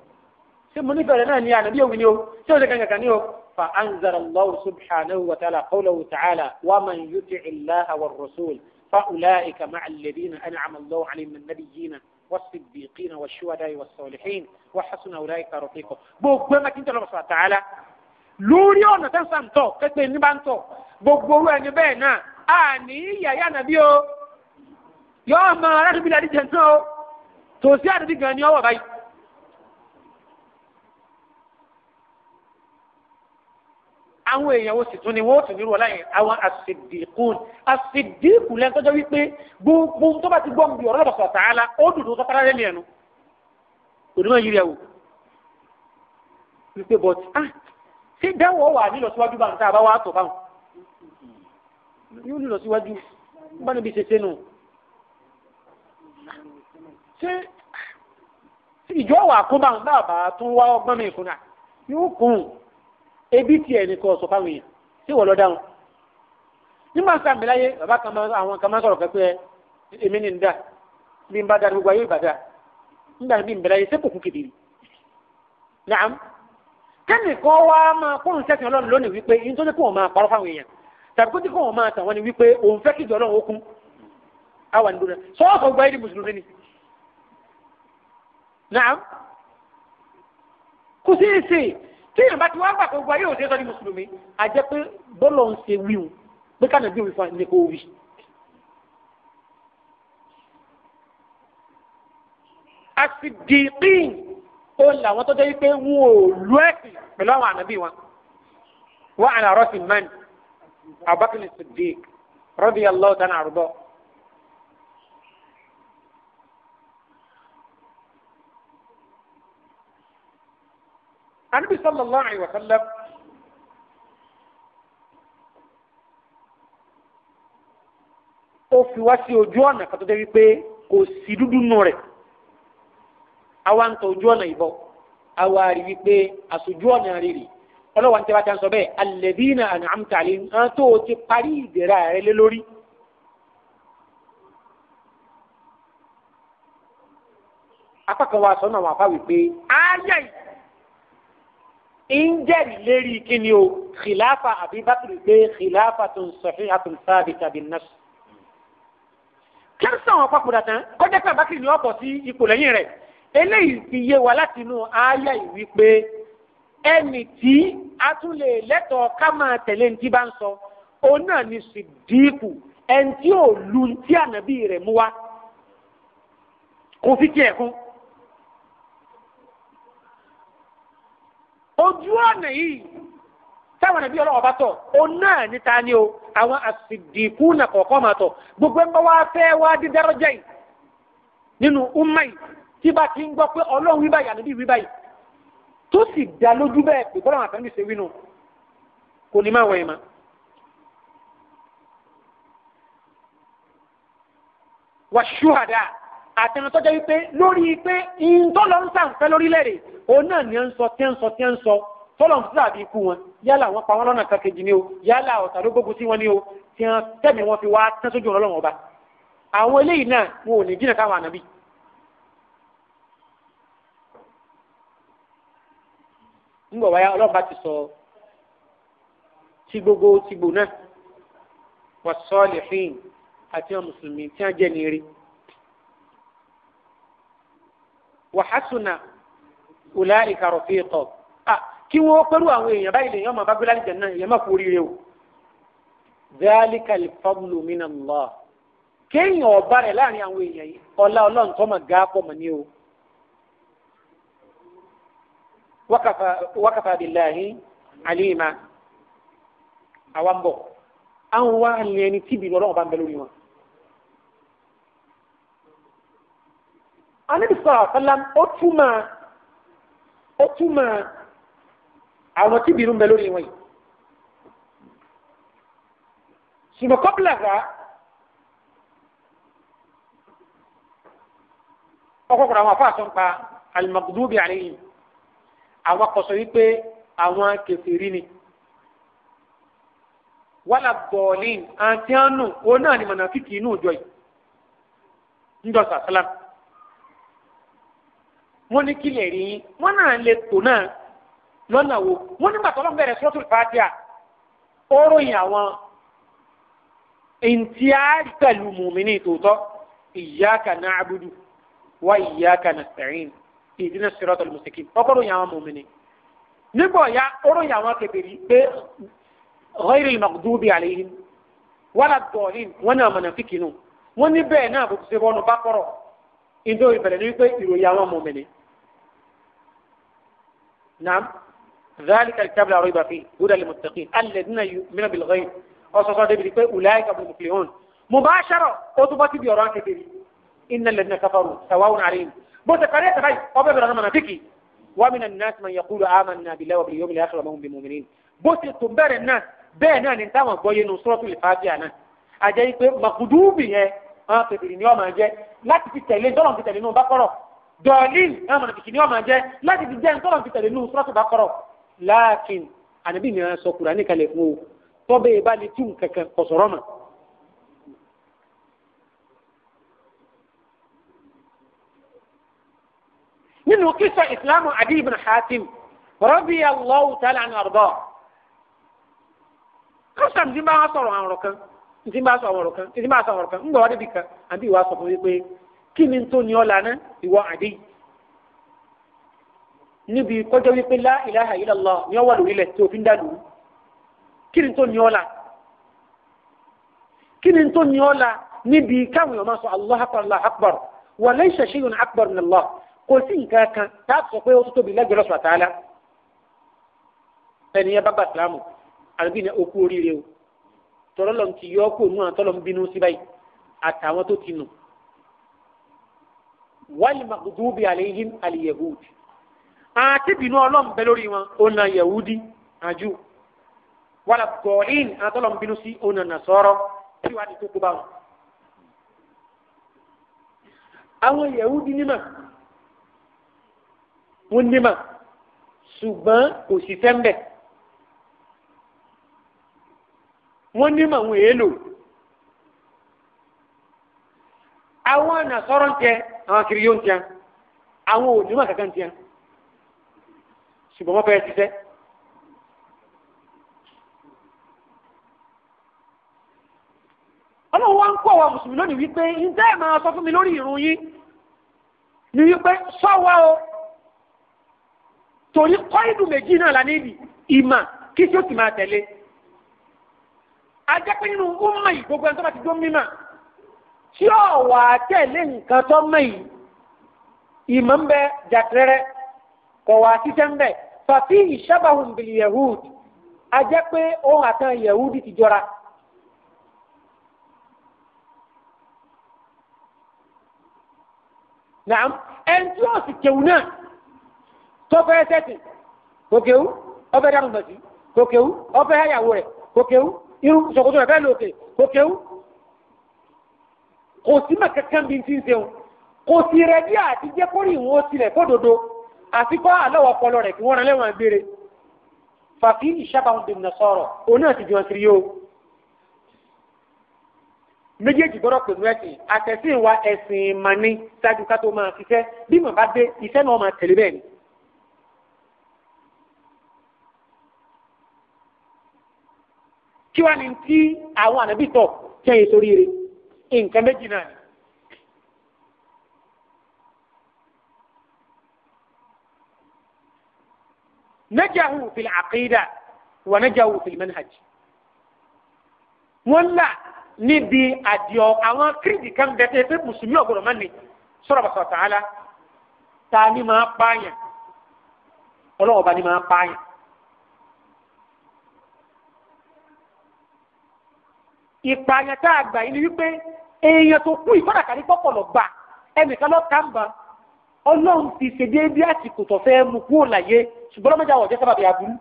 ṣé mo nífẹ̀ẹ́ rẹ̀ náà ni ànábì òwì ni o ṣé o ṣe kankan ni o. fa anzara allahu subhanahu wa ta'ala qawlahu ta'ala wa man yuti illaha wa rasul fa ulaika ma'a alladhina an'ama allahu alayhim min nabiyyina والصديقين والشهداء والصالحين وحسن أولئك رفيقا gbogbo ẹni tí ń tẹ̀lé ọmọ sọ̀rọ̀ tààlà lórí ọ̀nà tẹ́ ń sàn tọ̀ kẹ́pẹ́ ní bá ń tọ̀ gbogbo orú ẹni bẹ́ẹ̀ náà a ní yàyà nàbí o yọ ọmọ arábìnrin àdìjẹ náà o tòsí àdìjẹ gan ni ọwọ́ báyìí. àwọn èèyàn wo sì tún ni wọ́n tún nírú ọlá yẹn àwọn àsìdìkún àsìdìkún lẹ́nu tọ́jọ́ wípé gbogbo tó bá ti gbọ́n bí ọ̀rọ̀ lọ́sọ̀ tààlà ó dùdú tó tara lẹ́nu ẹ̀nu onímọ̀ yìí rẹ̀ wò wípé bọ́t ah ṣé dáwọ̀ wà nílọ síwájú bá ń tá a bá wà á tọ̀ báwọn yóò nílọ síwájú bá níbi ṣe sẹ́nu ṣé ìjọ wà kó bá ń bá àbá tún wá ọgbọ́n mi kùnà yóò kùn ebi tiẹ̀ ní kọ́ sọ fáwọn èèyàn tí wọ́n lọ dáhùn nígbà tí àmì láyé bàbá kan máa àwọn kan máa sọ̀rọ̀ kẹ́kẹ́ èmi ní nda bí n bá da gbogbo ayé ìbàdà nígbà bí n bẹ̀rẹ̀ ayé sẹ́kù kún kedere naam kẹ́nì kan wá máa kó ń sẹ́sìn ọlọ́run lónìí wípé yín tó ní kó wọn máa parọ́ fáwọn èèyàn tàbí kó tí kó wọn máa tàn wọn ni wípé òun fẹ́ kíjọ ọlọ́run ó kún àwa ń dúró sọ́ọ̀sọ̀ gba ayé di mùsùlùmí ni naam kò sí tí yàrá tí wọ́n gbà pé gbogbo ayé òde sọ ní mùsùlùmí a jẹ́ pé bọ́lọ̀ ń ṣe wíwù pé ká nàbí òwe fún ẹni kó wí. àsìdìkín ó làwọn tó jẹ́ wípé wọn ò lú ẹ̀sìn pẹ̀lú àwọn ànábì wọn wọn àná rọ́ọ̀sì mẹ́rin Abubakar Siddiq radiyallahu ta'ala anhu anabi sallallahu alayhi wa sallam ó fi wá sí ojú ọ̀nà kan tó dé wípé kò sí dúdú nù rẹ̀ àwa ń tọ ojú ọ̀nà ìbọ̀ àwa rí wípé àsojú ọ̀nà rírì ọlọ́wà ń tẹ́wá tí a ń sọ bẹ́ẹ̀ alladhina an'amta alayhim hàn tó o ti parí ìdẹ̀ra rẹ lé lórí. apá kan wa sọ náà wà fáwí pé ááyá yìí ń jẹ́rìí lérí kíni o khilafa abibakiri pé khilafa tó ń sọ̀fin àtún sáàbì tàbí nọ́ọ̀sì. kẹ́sàn án papòdà tán kọjá pé abakiri ni wọ́n bọ̀ sí ipò lẹ́yìn rẹ̀ eléyìí fi yé wa láti inú àáyá ìwí pé ẹnì tí a tún lè lẹ́tọ̀ọ́ ká máa tẹ̀lé ní ti bá ń sọ òun náà ni sìdíkù ẹni tí ò lu ti ànábì rẹ̀ mú wa kò fi tiẹ̀ kún. ojú ọ̀nà yìí táwọn ẹbí ọlọ́wọ́ bá tọ̀ ó náà níta ni o àwọn àsìdìkú nà kọ̀ọ̀kan máa tọ̀ gbogbo ẹgbẹ́ wa fẹ́ wá dí dárọ́jà yìí nínú umma yìí tí bá ti ń gbọ́ pé ọlọ́run wíbáyìí ànábì wíbáyìí tó sì dá lójú bẹ́ẹ̀ pé bọ́lá àtàndì ṣe wínú kò ní máa wẹ̀yìn mọ́. wàṣúhàdà àtẹnu tó jẹ́ wípé lórí pé ìntọ́lọ́ ń sàǹfẹ́ lórílẹ̀-èdè òun náà ni ó ń sọ tí ń sọ tí ń sọ tọ́lọ̀ ń fúlà bí ikú wọn yálà wọn pa wọn lọ́nà kan ni o yálà ọ̀tà sí wọn ni o tí wọn tẹ̀mí wọn fi wá tán sójú ọlọ́run ọba àwọn eléyìí náà wọn ò ní jìnnà káwọn ànábì. ńgbọ̀ wáyá ọlọ́run bá ti sọ ti gbogbo ti gbò náà wọ́n sọ ọ́ àti wọn mùsùlùmí tí wọ́n jẹ́ ní eré. wàhásùnà ọ̀là ìkàrọ̀fẹ́ ẹ̀kọ́ kí wọ́n pẹ̀lú àwọn èèyàn báyìí lèèyàn máa bá gbé lálẹ́ jẹ̀nà èèyàn máa forí rẹ o. zalikal fadlu min Allah kéèyàn ọba rẹ̀ láàrin àwọn èèyàn yìí ọlá ọlọ́run tó máa ga pọ̀ mọ́ ní o. wakafa billahi alima àwọn bọ̀ wa lẹni tíbi lọ́rọ̀ ọba ń bẹ lórí wọn. anabi sọ̀rọ̀ àfẹ́lá ó túmọ̀ ó túmọ̀ àwọn tí bìrù ń bẹ lórí wọn yìí. ṣùgbọ́n kọ́pìlà rà ọkọ̀kọ̀rọ̀ àwọn afáàsọ̀ ń pa alimagudubi àlẹ́yìn àwọn akọ̀sọ̀ wípé àwọn kèfèrí ni wàlà bọ̀ọ̀lìn àti àánú náà ni mọ̀nàfíkì inú ìjọ yìí ń jọ sàṣálàmù wọ́n ní kílẹ̀ rí yín wọ́n náà lè tò náà lọ́nà wo wọ́n nígbà tó lọ́n bẹ̀rẹ̀ sọ́tù fàájà ó ròyìn àwọn ìntìárì pẹ̀lú mùmíní tòótọ́ iyyaka na'budu wa iyyaka nasta'in ìdínà siratal mustaqim ọkọ̀ ròyìn àwọn mùmíní nígbà ọ̀yá ó ròyìn àwọn kèfèrí pé ghayril maghdubi alayhim wala ad-dallin wọ́n náà mọ̀nàfíkì nù wọ́n ní bẹ́ẹ̀ náà bó ti ṣe bọ́nu bá kọ́rọ̀ نعم ذلك الكتاب لا ريب فيه هدى للمتقين الذين يؤمنون بالغيب ọsọsọ débi pé ulaika abul muflihun mubashara ó tún bá ti di ọ̀rọ̀ àti débi innal ladhina kafaru sawa'un alayhim bó ṣe kárí ẹ̀ka báyìí ọbẹ̀ bẹ̀rẹ̀ náà nàfíkì wa minan nas man yaqulu amanna billahi wa bil yawmil akhir wa ma hum bi mu'minin bó ṣe tó bẹ̀rẹ̀ náà bẹ́ẹ̀ náà ni táwọn gbọ́ yẹnu suratul fatiha náà àjẹ́ pé makudubi yẹn àwọn pèpèrè ni ọ máa jẹ láti fi tẹ̀lé dọ́lọ̀ fi tẹ̀lé nù bá kọ́rọ̀ dọ̀ọ̀lìn ẹ̀ mọ̀nà kìkì ni wọ́n máa jẹ́ láti fi jẹ́ ntọ́lọ̀ fi tẹ̀lé nù sọ́tò bá kọ̀rọ̀ láàkín ànábì mi sọ Kùránì kalẹ̀ fún o tọ́bẹ̀ yìí bá lè tún kankan kọ̀sọ̀rọ̀ mà. nínú kíso ìsìlámù Adi ibn Hatim radiyallahu ta'ala anhu àrùbọ̀ kọ́sà ní ti bá sọ̀rọ̀ kan ní ti bá sọ̀rọ̀ kan ní ti bá sọ̀rọ̀ kan ń gbọ́ wá débi kan àbí ìwà sọ̀rọ̀ wípé kí ni tó ní ọ lànà ìwọ àdé níbi kọjá wípé la ilaha illallah ní ọ wà lórílẹ̀ tí òfin dà lóru kí ni tó ní ọ là kí ni tó ní ọ là níbi káwọn èèyàn máa sọ allah akbar allah akbar wa laysa shay'un akbar min allah kò sí nǹkan kan tá a sọ pé ó tóbi lẹ́gbẹ̀rẹ́ sọ̀tà á ẹni yẹn bá bá sàlámù àbí ní okú oríire o tọ́lọ́lọ́ ti yọ ọ́ kó nù àtọ́lọ́ ń bínú sí àtàwọn tó ti nù wali maghdubi alayhim aliyahudi àti bínú ọlọ́run bẹ lórí wọn ọ̀nà yahudi àjù wàlà gọ̀ọ́lìn àtọ́lọ́run bínú sí ọ̀nà nàṣọ́rọ́ tí wàá di tó kó bá wọn. yahudi nímà wọn nímà ṣùgbọ́n kò sí fẹ́ńbẹ̀ wọn nímà wọn èèlò àwọn nàṣọ́rọ́ tẹ àwọn kiri yóò ń tiẹ́ àwọn onímọ̀ kankan ń tiẹ́ ṣùgbọ́n wọ́n fẹ́ ṣiṣẹ́. ọlọ́run wá ń kọ́ àwọn mùsùlùmí lónìí wípé ǹjẹ́ ẹ̀ máa sọ fún mi lórí ìrun yín ni wípé sọ́wọ́ o torí kọ́ìdù méjì náà la níbi ìmà kí tí ó sì máa tẹ̀lé. a jẹ́ pé nínú ó mọ̀ ìgbógun ẹni tó bá ti dó mímọ̀ tí ó wà tẹ̀lé nǹkan tó mẹ́yìn ìmọ̀ ń bẹ jàdẹ́rẹ́ kọ̀ wá títẹ́ ń bẹ fàfi ìṣàbàwùn bìlì yahud a jẹ́ pé òun àtàn yahud ti jọra. naam ẹn tí ó sì kéwù náà tó fẹ́ sẹ́sìn kò kéwù ọbẹ̀ dàrú kò kéwù ọbẹ̀ ayàwó rẹ̀ kò kéwù irú sọ̀kòtò rẹ̀ fẹ́ lòkè kò kéwù kò sí mà kankan bí n ti ń ṣe o kò sí rẹ bí àti jẹ́ kó rí ìwọ̀n tilẹ̀ kó dodo àti kọ́ àlọ́wọ́ ọpọlọ rẹ̀ kí wọ́n rán lẹ́wọ̀n gbére fàfi ìṣàbàwọn bèbè náà sọ̀rọ̀ òun náà ti jọ kiri o méjèèjì gbọ́dọ̀ pẹ̀lú ẹ̀sìn àtẹ̀sìn wa ẹ̀sìn mani ṣáájú ká tó máa ṣiṣẹ́ bí mo bá dé iṣẹ́ náà máa tẹ̀lé bẹ́ẹ̀ ni. kí wàá ní tí àwọn ànábì tọ̀ kẹ́yìn sórí rẹ̀ nǹkan méjì náà ni. najahu fil aqida wa najahu fil manhaj wọ́n là níbi àdìọ àwọn kírìdì kan bẹ tẹ pé mùsùlùmí ọ̀gbọ̀dọ̀ máa ní sọ̀rọ̀ bàtà ọ̀tà ala ta ni máa pààyàn ọlọ́wọ́ bá ni máa pààyàn. ìpààyàn tá a gbà yìí ni wípé èèyàn tó kú ìkọ́dà kàní pọ́pọ̀lọ̀ gbà ẹnìkan lọ kàmbá ọlọ́run ti ṣe ebi àsìkò tó fẹ́ mú kúrò láyé ṣùgbọ́n lọ́mọdé àwọn ọ̀jẹ́ sábàbí aburú.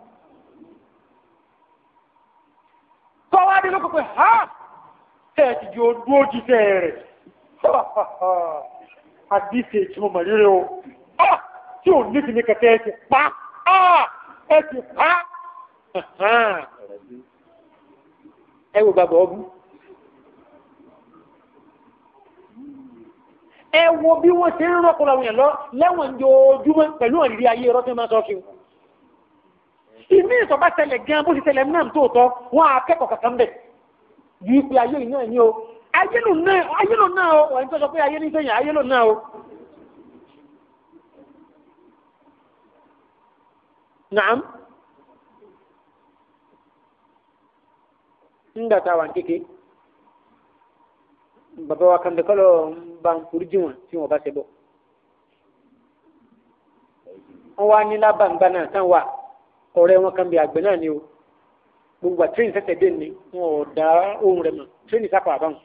kọ́wádé ló kọ́kọ́ ha tẹ̀ ti di ojú ojú tẹ̀ rẹ̀ àdìsí èyí mo mọ̀ rírẹ́ o tí ò ní ti ní pa ẹ ẹ wò bàbá ọbú ẹ wo bí wọ́n ṣe ń rọ́pọ̀lọ́ àwọn èèyàn lọ lẹ́wọ̀n ń jojúmọ́ pẹ̀lú ìrírí ayé ẹ̀rọ tí wọ́n sọ kí wọn. ìmí ìtọ́ bá tẹlẹ̀ gan bó ti tẹlẹ̀ náà tó tọ́ wọn akẹ́kọ̀ọ́ kankan bẹ̀ ju ipe ayé yìí náà ní o ayélu náà ayélu náà o ẹni tó sọ pé ayé ní sẹ́yìn ayélu náà o. nàám. ńgbà tá a wà kéke bàbá wa kan lẹ́kọ́ lọ bá ń forí jì wọ́n tí wọ́n wa, ṣe bọ̀. wọ́n wá ní lábàǹgbà náà tán kan bí àgbẹ̀ náà ni o gbogbo àtírìn sẹ́sẹ̀ dé ni wọn ò dá ohun rẹ̀ mọ̀ tírìn sápà àbáwọn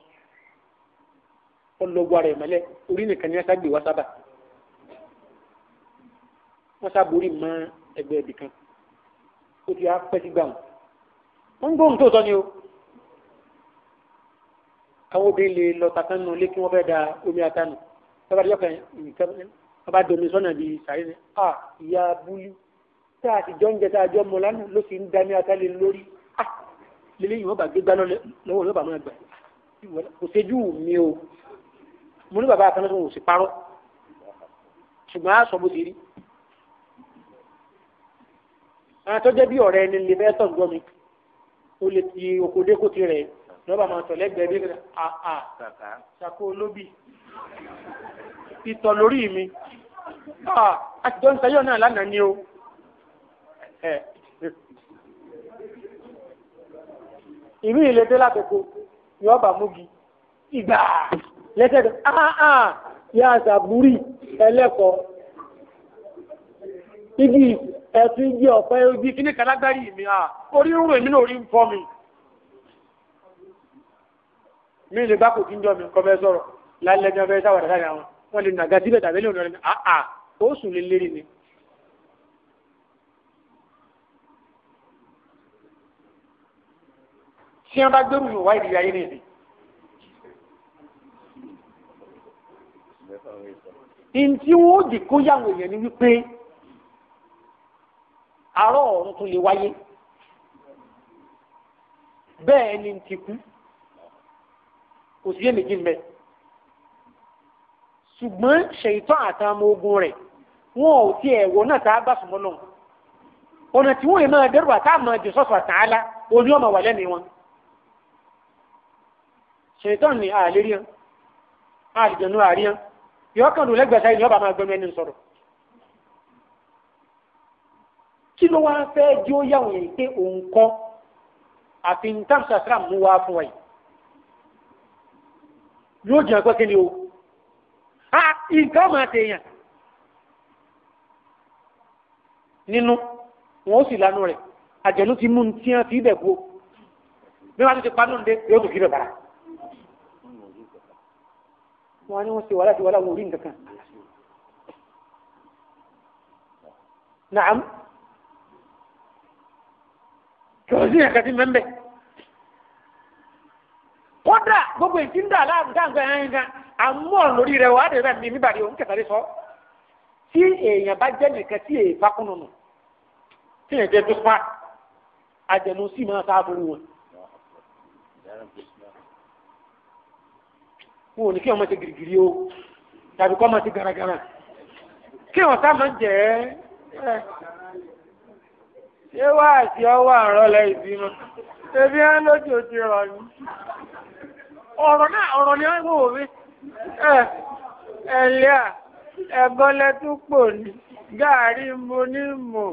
ọlọ́gbọ́ ara ìmọ̀lẹ́ orí nìkan ni wọ́n sábà wá sábà wọ́n sábà orí mọ́ ẹgbẹ́ ibì kan ó ti á pẹ́ sí gbà wọ́n ń gbóhùn tó sọ ni o àwọn obìnrin lè lọ tàkàn nù lé kí wọ́n fẹ́ da omi àtànù tọ́ba díjọ́ kan nǹkan bá domi sọ́nà bíi sàrí ni a ìyá búlí tá a ti jọ ń jẹ tá a jọ mọ lánàá ló sì ń dání atálẹ̀ lórí a lélẹ́ yìí wọ́n bá gbé gbá lọ́wọ́ ló bá máa gbà kò séjú mi o mo ní bàbá àtàlẹ́ tó ń sì parọ́ ṣùgbọ́n a sọ bó ti rí àtọ́jẹ́ bí ọ̀rẹ́ ẹni lè fẹ́ tọ̀ gbọ́ mi o lè ti okòdé kó ti rẹ̀ lọ́ba máa tọ̀ lẹ́gbẹ̀ẹ́ bí àà ah, ah, ṣàkó olóbì ìtọ̀ lórí mi àtijọ́ ah, ń sayọ̀ náà lánàá ni o. ìlú ìlédè lákòókò ni ọba múgi ìgbà lẹ́tẹ̀ẹ́ àà yá àṣàbúrì ẹlẹ́kọ̀ọ́ igi ẹ̀sùn igi ọ̀pẹ igi kíníkà lágbárí mi orí ń rò èmi náà orí ń fọ́ mi mi lè bá kò kí ń jọ mi kọ́ fẹ́ sọ̀rọ̀ lálẹ́ ní ọbẹ̀ sáwà dáadáa wọn wọn lè nàgà síbẹ̀ tàbí lè nọrẹ ní àà ó sùn lé lérí ni. tí wọn bá gbẹrù yòówá ìdíyà yìí nìyí. ntí wọn ó di kó yàwó èèyàn ni wípé àárọ̀ ọ̀run tó lè wáyé bẹ́ẹ̀ ni ti kú kò sí èmi jí mbẹ́ ṣùgbọ́n ṣèyítọ́ àtàwọn ogun rẹ̀ wọn ò tiẹ̀ wọ náà tá a bá sùnmọ́ náà ọ̀nà tí wọ́n yẹ máa dẹ́rù àtàwọn àjò sọ́sọ̀ àtàlá orí ọmọ wà lẹ́nu wọn ṣèyítọ́ ni àléríyàn àlìjẹ̀nu àríyàn yọ kàn ló lẹ́gbẹ̀ẹ́sá yìí ni ọba máa gbẹnu ẹni sọ̀rọ̀ kí ló wá fẹ́ jí ó yà wọ̀nyí pé òun kọ́ àfi ní tàbí sàtàrà mú wá fún wa yìí yóò jẹ́ pé kíni o a nǹkan máa tèèyàn nínú wọn ó sì lanu rẹ̀ àjẹ̀lú ti mú un tí wọ́n fi bẹ̀ kú bí wọ́n ti ti panú ndé yóò tún fi bẹ̀ bàrà wọn ni wọ́n ṣe wàhálà sí wàhálà wọn ò nǹkan kan naam kìrọ̀sìn yẹn kàti mẹ́mbẹ́ kódà gbogbo èyí ń dà láàbù dáńgbà yẹn gan àmú ọ̀rọ̀ lórí rẹ̀ wà á dẹ̀ rẹ̀ mi níbàdí òun kẹtàlẹ́ sọ. tí èèyàn bá jẹ́ nìkan tí èèyàn bá kúnnù nù tí èèyàn jẹ́ dúpá àjẹnú sì máa sáàbù wọn. wọn ò ní kí wọn máa ṣe gìrìgìrì o tàbí kọ́ máa ṣe garagara kí wọn sá máa jẹ́ ẹ́ ṣé wàá sí ọwọ́ àárọ̀ lẹ́yìn bímọ ebi á lójú ojú rọ ọ̀rọ̀ náà ọ̀rọ̀ ni wọ́n wò wí. ẹ̀lẹ́ à ẹ̀gọ́lẹ́ tó pò ní gàárì mo ní mọ̀.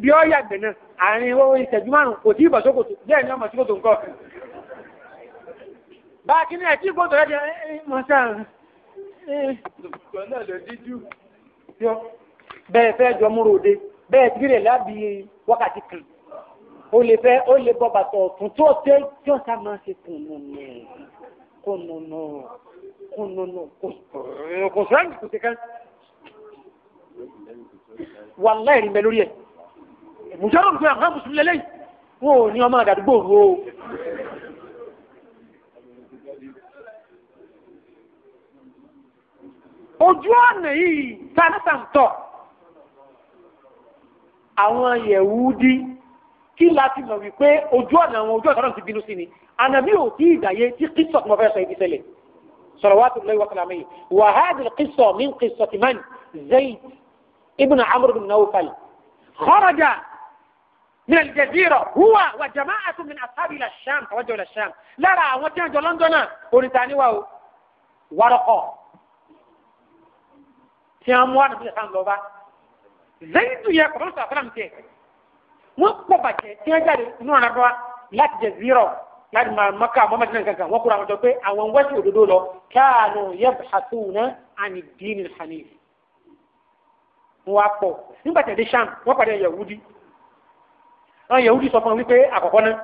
bí ó yàgbẹ̀ náà àárín owó ìṣẹ́jú márùn-ún kò tí ìbọ̀sókòtò bẹ́ẹ̀ ni ọmọ síkòtò nǹkan. bá a kí ní ẹ̀tí ìgbótò rẹ̀ jẹ́ mọ́sá bẹ́ẹ̀ fẹ́ jọ múròde bẹ́ẹ̀ tí rẹ̀ lábí ó lè fẹ́ ó lè bọ́ bàtọ̀ ọ̀tún tó dé tí ó sá máa ṣe kùnùnù kùnùnù kùnùnù kò sẹ́yìn kò sí kan. wà láìrí mẹ lórí ẹ̀ mùsùlùmí mùsùlùmí àwọn mùsùlùmí lẹ́lẹ́yìn wọn ò ní ọmọ àdàdúgbò ro. ojú ọ̀nà yìí tánátàntọ̀ àwọn yẹ̀wù dín kí láti mọ̀ wípé ojú ọ̀nà àwọn ojú ọ̀nà ti bínú sí ni ànàbí ò tí ìdàyé tí kìsọ̀ tí mo fẹ́ sọ ibi ṣẹlẹ̀ salawatullahi wa salamihi wa hadhihi al-qissa min qissati man Zayd ibn Amr bin Nawfal kharaja من الجزيرة هو وجماعة من أصحاب إلى الشام توجهوا إلى الشام لا لا وجهنا جو لندن ونتاني واو ورقة تيام وانا في الشام لوبا زيد يا كبر صلى الله wọ́n pọ̀ bàjẹ́ tí wọ́n jáde nínú ọ̀nà àdúrà láti jẹ zero láti máa maka mọ́mọ́ tí wọ́n kankan wọ́n kúrò àwọn jọ pé àwọn wẹ́sì òdodo lọ káàánú yabhasuna àni dín hanif wọ́n wá pọ̀ nígbà tí ẹ̀dẹ́ sàm wọ́n pàdé yahudi àwọn yahudi sọ fún wọn wípé àkọ́kọ́ náà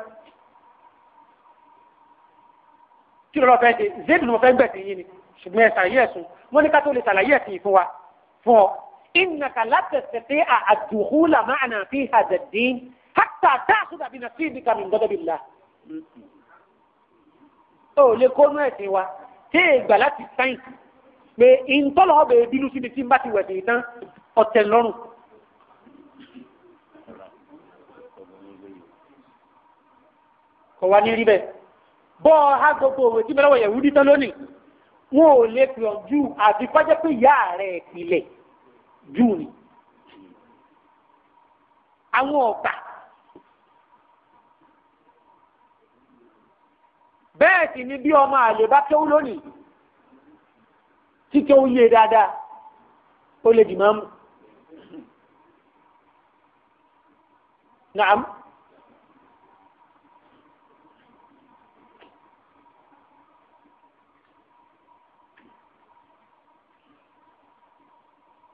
kí lọ́lọ́ fẹ́ ṣe zéèdù ni mo fẹ́ gbẹ̀sìn yìí ni ṣùgbọ́n ẹ̀sàlàyé ẹ̀sùn wọ́n ní ká tó lè ṣàlàyé ẹ̀sìn fún wa fún ọ إنك لا تستطيع الدخول معنا في هذا الدين حتى تأخذ بنصيبك من غضب الله ó lè kó nú ẹ̀sìn wa tí ìgbà láti sáyìn pé ìǹtọ́lọ̀ ọbẹ̀ ìbínú síbi tí ń bá ti wẹ̀sìn ìtàn ọ̀tẹ̀ lọ́rùn. kò wá ní rí bẹ́ẹ̀ bọ́ ha gbogbo òwe tí mẹ́lẹ́wọ̀ yẹ̀wù dítán lónìí wọn ò lè pè ọ́ ju àti kọ́jẹ́ pé ìyá rẹ̀ ìpìlẹ̀ júù ni àwọn ọ̀gbà bẹ́ẹ̀ sì ni bí ọmọ àlè bá kéwú lónìí tí kéwú yé dáadáa ó lè dì máa mú.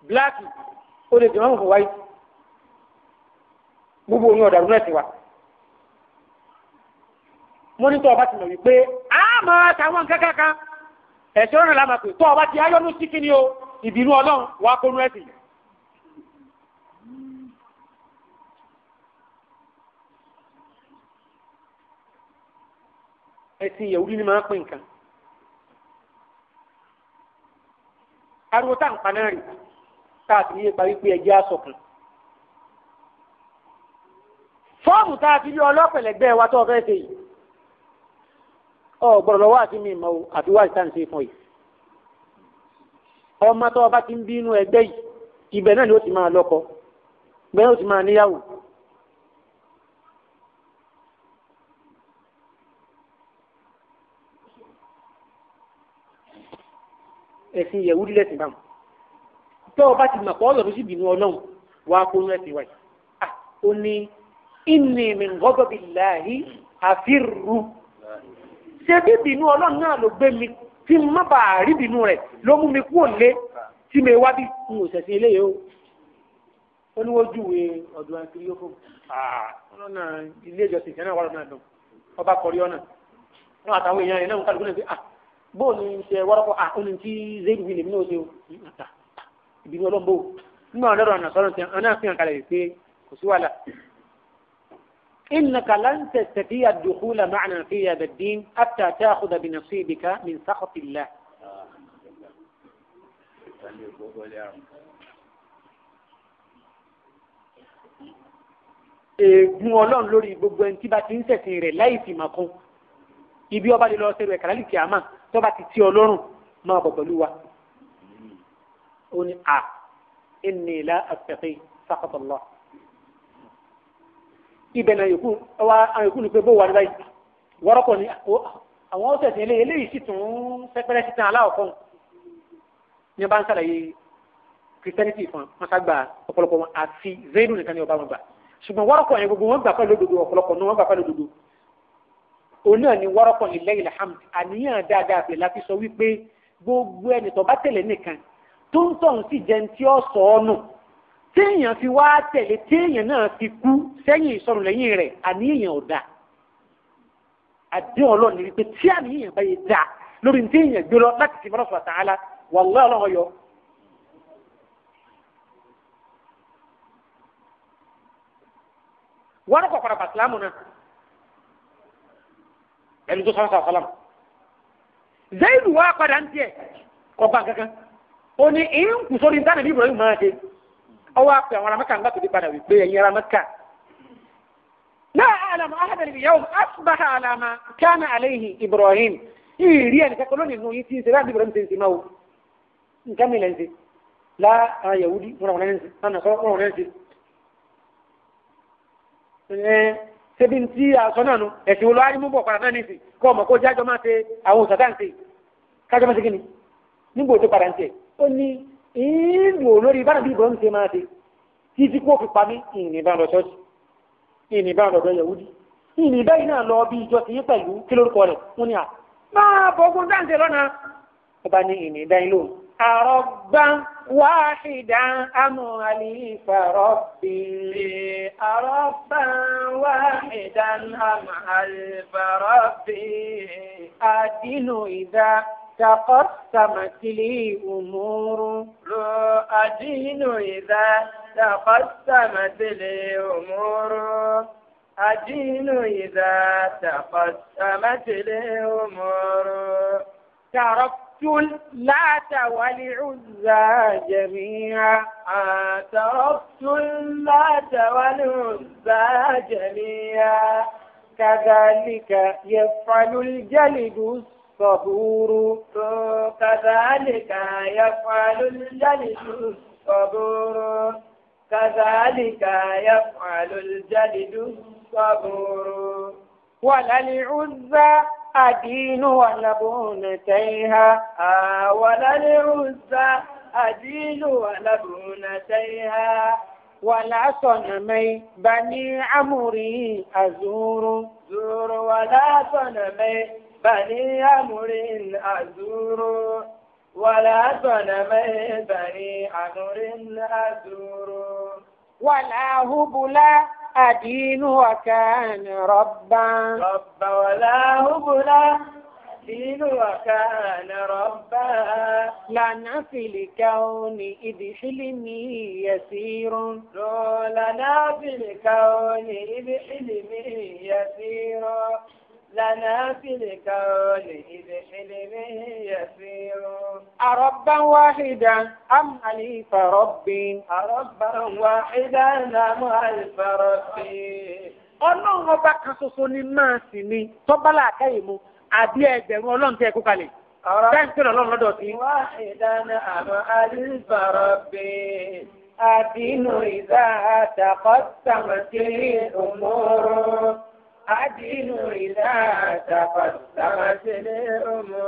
Black ó lè dìmọ́ fún wáyé gbogbo oyin ọ̀dàrú náà ti wá. mo ní tọ́ ọba ti mọ̀ wípé a máa tàwọn kankan kan ẹ̀sẹ̀ ọ̀rìn làmà pé tọ́ ọba ti ayọ́nú sí kíni o ìbínú ọlọ́run wà á kónú ẹ̀sìn. ẹ̀sìn ìyẹ̀wò ní máa ń pè nǹkan. ariwo tá náà rèé káàkiri yé parí pé ẹjẹ́ àsọ̀kùn. fọ́ọ̀mù tá a fi rí ọlọ́pẹ̀lẹ́gbẹ́ wa tó fẹ́ ṣe yìí ọ gbọ́dọ̀ lọ́wọ́ àti mi ìmọ̀ àti wá ìtàn ṣe fún yìí ọmọ tó ọba ti ń bínú ẹgbẹ́ yìí ibẹ̀ náà ni ó ti máa lọ́kọ ibẹ̀ náà ó ti máa níyàwó. ẹ̀sìn yẹ̀wúrí lẹ́sìn báwọn tó o bá ti mọ̀ kọ́ ọ̀yọ̀dún sí ìbínú ọlọ́run wàá kó inú ẹ̀sìn wáyé. Ah, ó ní ìní min ghadabi llahi àfírù ṣé bí ìbínú ọlọ́run náà ló gbé mi tí má bàa rí ìbínú rẹ̀ ló mú mi kúrò lé tí mi wá bí n ò ṣẹ̀sìn eléyìí o ó ní wọ́n júwe ọ̀dọ̀ àkìrí yóò fún ah, ọ̀nà ilé ìjọsìn ìṣẹ́nà wà lọ́nà àdùn ọba kọ̀rí ọ̀nà wọn àtàwọn èèyàn rẹ̀ náà kálukú náà pé ah, bóò ní ṣe wọ́rọ́pọ̀ àkóni tí zayd wílẹ̀ mi náà ṣe o ìbínú ọlọ́mbó nígbà wọn lọ́rọ̀ ọ̀nà sọ́rọ̀ tí wọn fi hàn kalẹ̀ yìí pé kò sí wàhálà. إنك لن تستطيع الدخول معنا في هذا الدين حتى تأخذ بنصيبك من سخط الله ègún ọlọ́run lórí gbogbo ẹni tí bá ti ń ṣẹ̀sìn rẹ̀ láì fi màkún ibi ọba lè lọ ṣe rẹ̀ kàlálì kìámà tó bá ti ti ọlọ́run máa bọ̀ pẹ̀lú wa ó ní a inni la àtẹ̀kẹ́ sàkọ̀tọ̀lọ́. ibẹ̀ náà yòókù wa àwọn yòókù ni pé bó wà ní báyìí wọ́rọ́kọ̀ ni àwọn ọ̀sẹ̀ tí eléyìí sì tún sẹ́pẹ́rẹ́ sí tán aláwọ̀ kan ní ọba ń sàlàyé christianity fún wọn sá gba ọ̀pọ̀lọpọ̀ wọn àfi zainu nìkan ni ọba wọn gbà ṣùgbọ́n wọ́rọ́kọ̀ yẹn gbogbo wọn gbà pẹ̀lú òdodo ọ̀pọ̀lọpọ̀ ní wọn gbà pẹ̀lú òdodo òun náà ni wọ́rọ́kọ̀ ni lẹ́yìn alhamd àníyàn dáadáa pè láti sọ wípé gbogbo ẹni tó bá tẹ̀lé nìkan tó ń tọ̀ sí jẹun tí ó sọ ọ́ nù téèyàn fi wá tẹ̀lé téèyàn náà fi kú sẹ́yìn ìsọnù lẹ́yìn rẹ̀ àníyàn ò dáa àdéhùn ọlọ́ọ̀ni wípé tí àníyàn bá yẹ dáa lórí téèyàn gbé lọ láti ti mọ́lọ́sọ̀ àtàlá wàlúwà ọlọ́run yọ. wọ́n kọ̀ padà bàtìlámù náà ẹni tó sọ́kọ̀ sọ́kọ̀ zayidu wá padà ń tiẹ̀ kọ́ gbà kankan ó ní ìhùn kù sórí nítorí bí Ibrahim máa ṣe ọwọ́ apẹ̀ àwọn aramaka ńgbà tó ti padà wípé ẹ̀yin aramaka náà àlàmà ahadari ìyàwó asbaha àlàmà kánà àlẹ́yìn Ibrahim ìrírí ẹni kẹ́kọ̀ọ́ lónìí nù yìí ti ń ṣe láti Ibrahim ṣe ń ṣe máa wò nǹkan mi lẹ́ ń ṣe lá àwọn Yahudi wọn àwọn ẹni ṣe wọn àwọn ẹni ṣe. ṣébi ti aṣọ náà nu ẹ̀sìn olú ayé mú bọ̀ padà náà ní ìsìn kọ́ ọmọ ni nígbà tó padà ó ní ìlú olórí bá nàbí ìbọn ṣe máa ṣe títí kó fi pa mí ìní lọ ṣọ́ọ̀ṣì ìní lọ bẹ́ẹ̀ yẹ̀wúdí ìní bẹ́ẹ̀ náà lọ bí ìjọ ti pẹ̀lú kí rẹ̀ ní à bọ́gbọ́n ọba ní ìní dáìn lóhùn. àrọ̀gbọ́n wáhìdán amúhalì fàrọ́bì àrọ̀gbọ́n تقسمت لي أمور لو أدين إذا تقسمت لي أمور أدين إذا تقسمت لي أمور تركت اللات والعزى جميعا تركت اللات والعزى جميعا كذلك يفعل الجلد صبور كذلك يفعل الجلد صبور كذلك يفعل الجلد صبور ولا العزى أدين ولبونتيها آه ولا العزى أدين ولبونتيها ولا صنمي بني عمري أزور زور ولا صنمي بني أمر أزور ولا صنمي بني أمر أزور ولا هبلا أدين وكان ربا رب ولا هبلا أدين وكان ربا لنا في الكون إذ حلمي يسير لنا في الكون إذ حلمي يسير لنافل كون إذ حلمه يسير أربا واحدا أم ألف رب أربا واحدا أم ألف رب ọlọ́run ọba kan ṣoṣo ni máa sì ni tọ́bálà àkáyè mu àbí ẹgbẹ̀rún ọlọ́run tẹ́ ẹ kó kalẹ̀ bẹ́ẹ̀ ń pèrè ọlọ́run lọ́dọ̀ sí. wá ìdáná àmọ́ àdìsọ̀rọ̀ bẹ́ẹ̀ àdínú ìdá àtàkọ́ sàmùtì òmòrò. Àdínú ìlà àtàbà tàbà sílé ọmọ.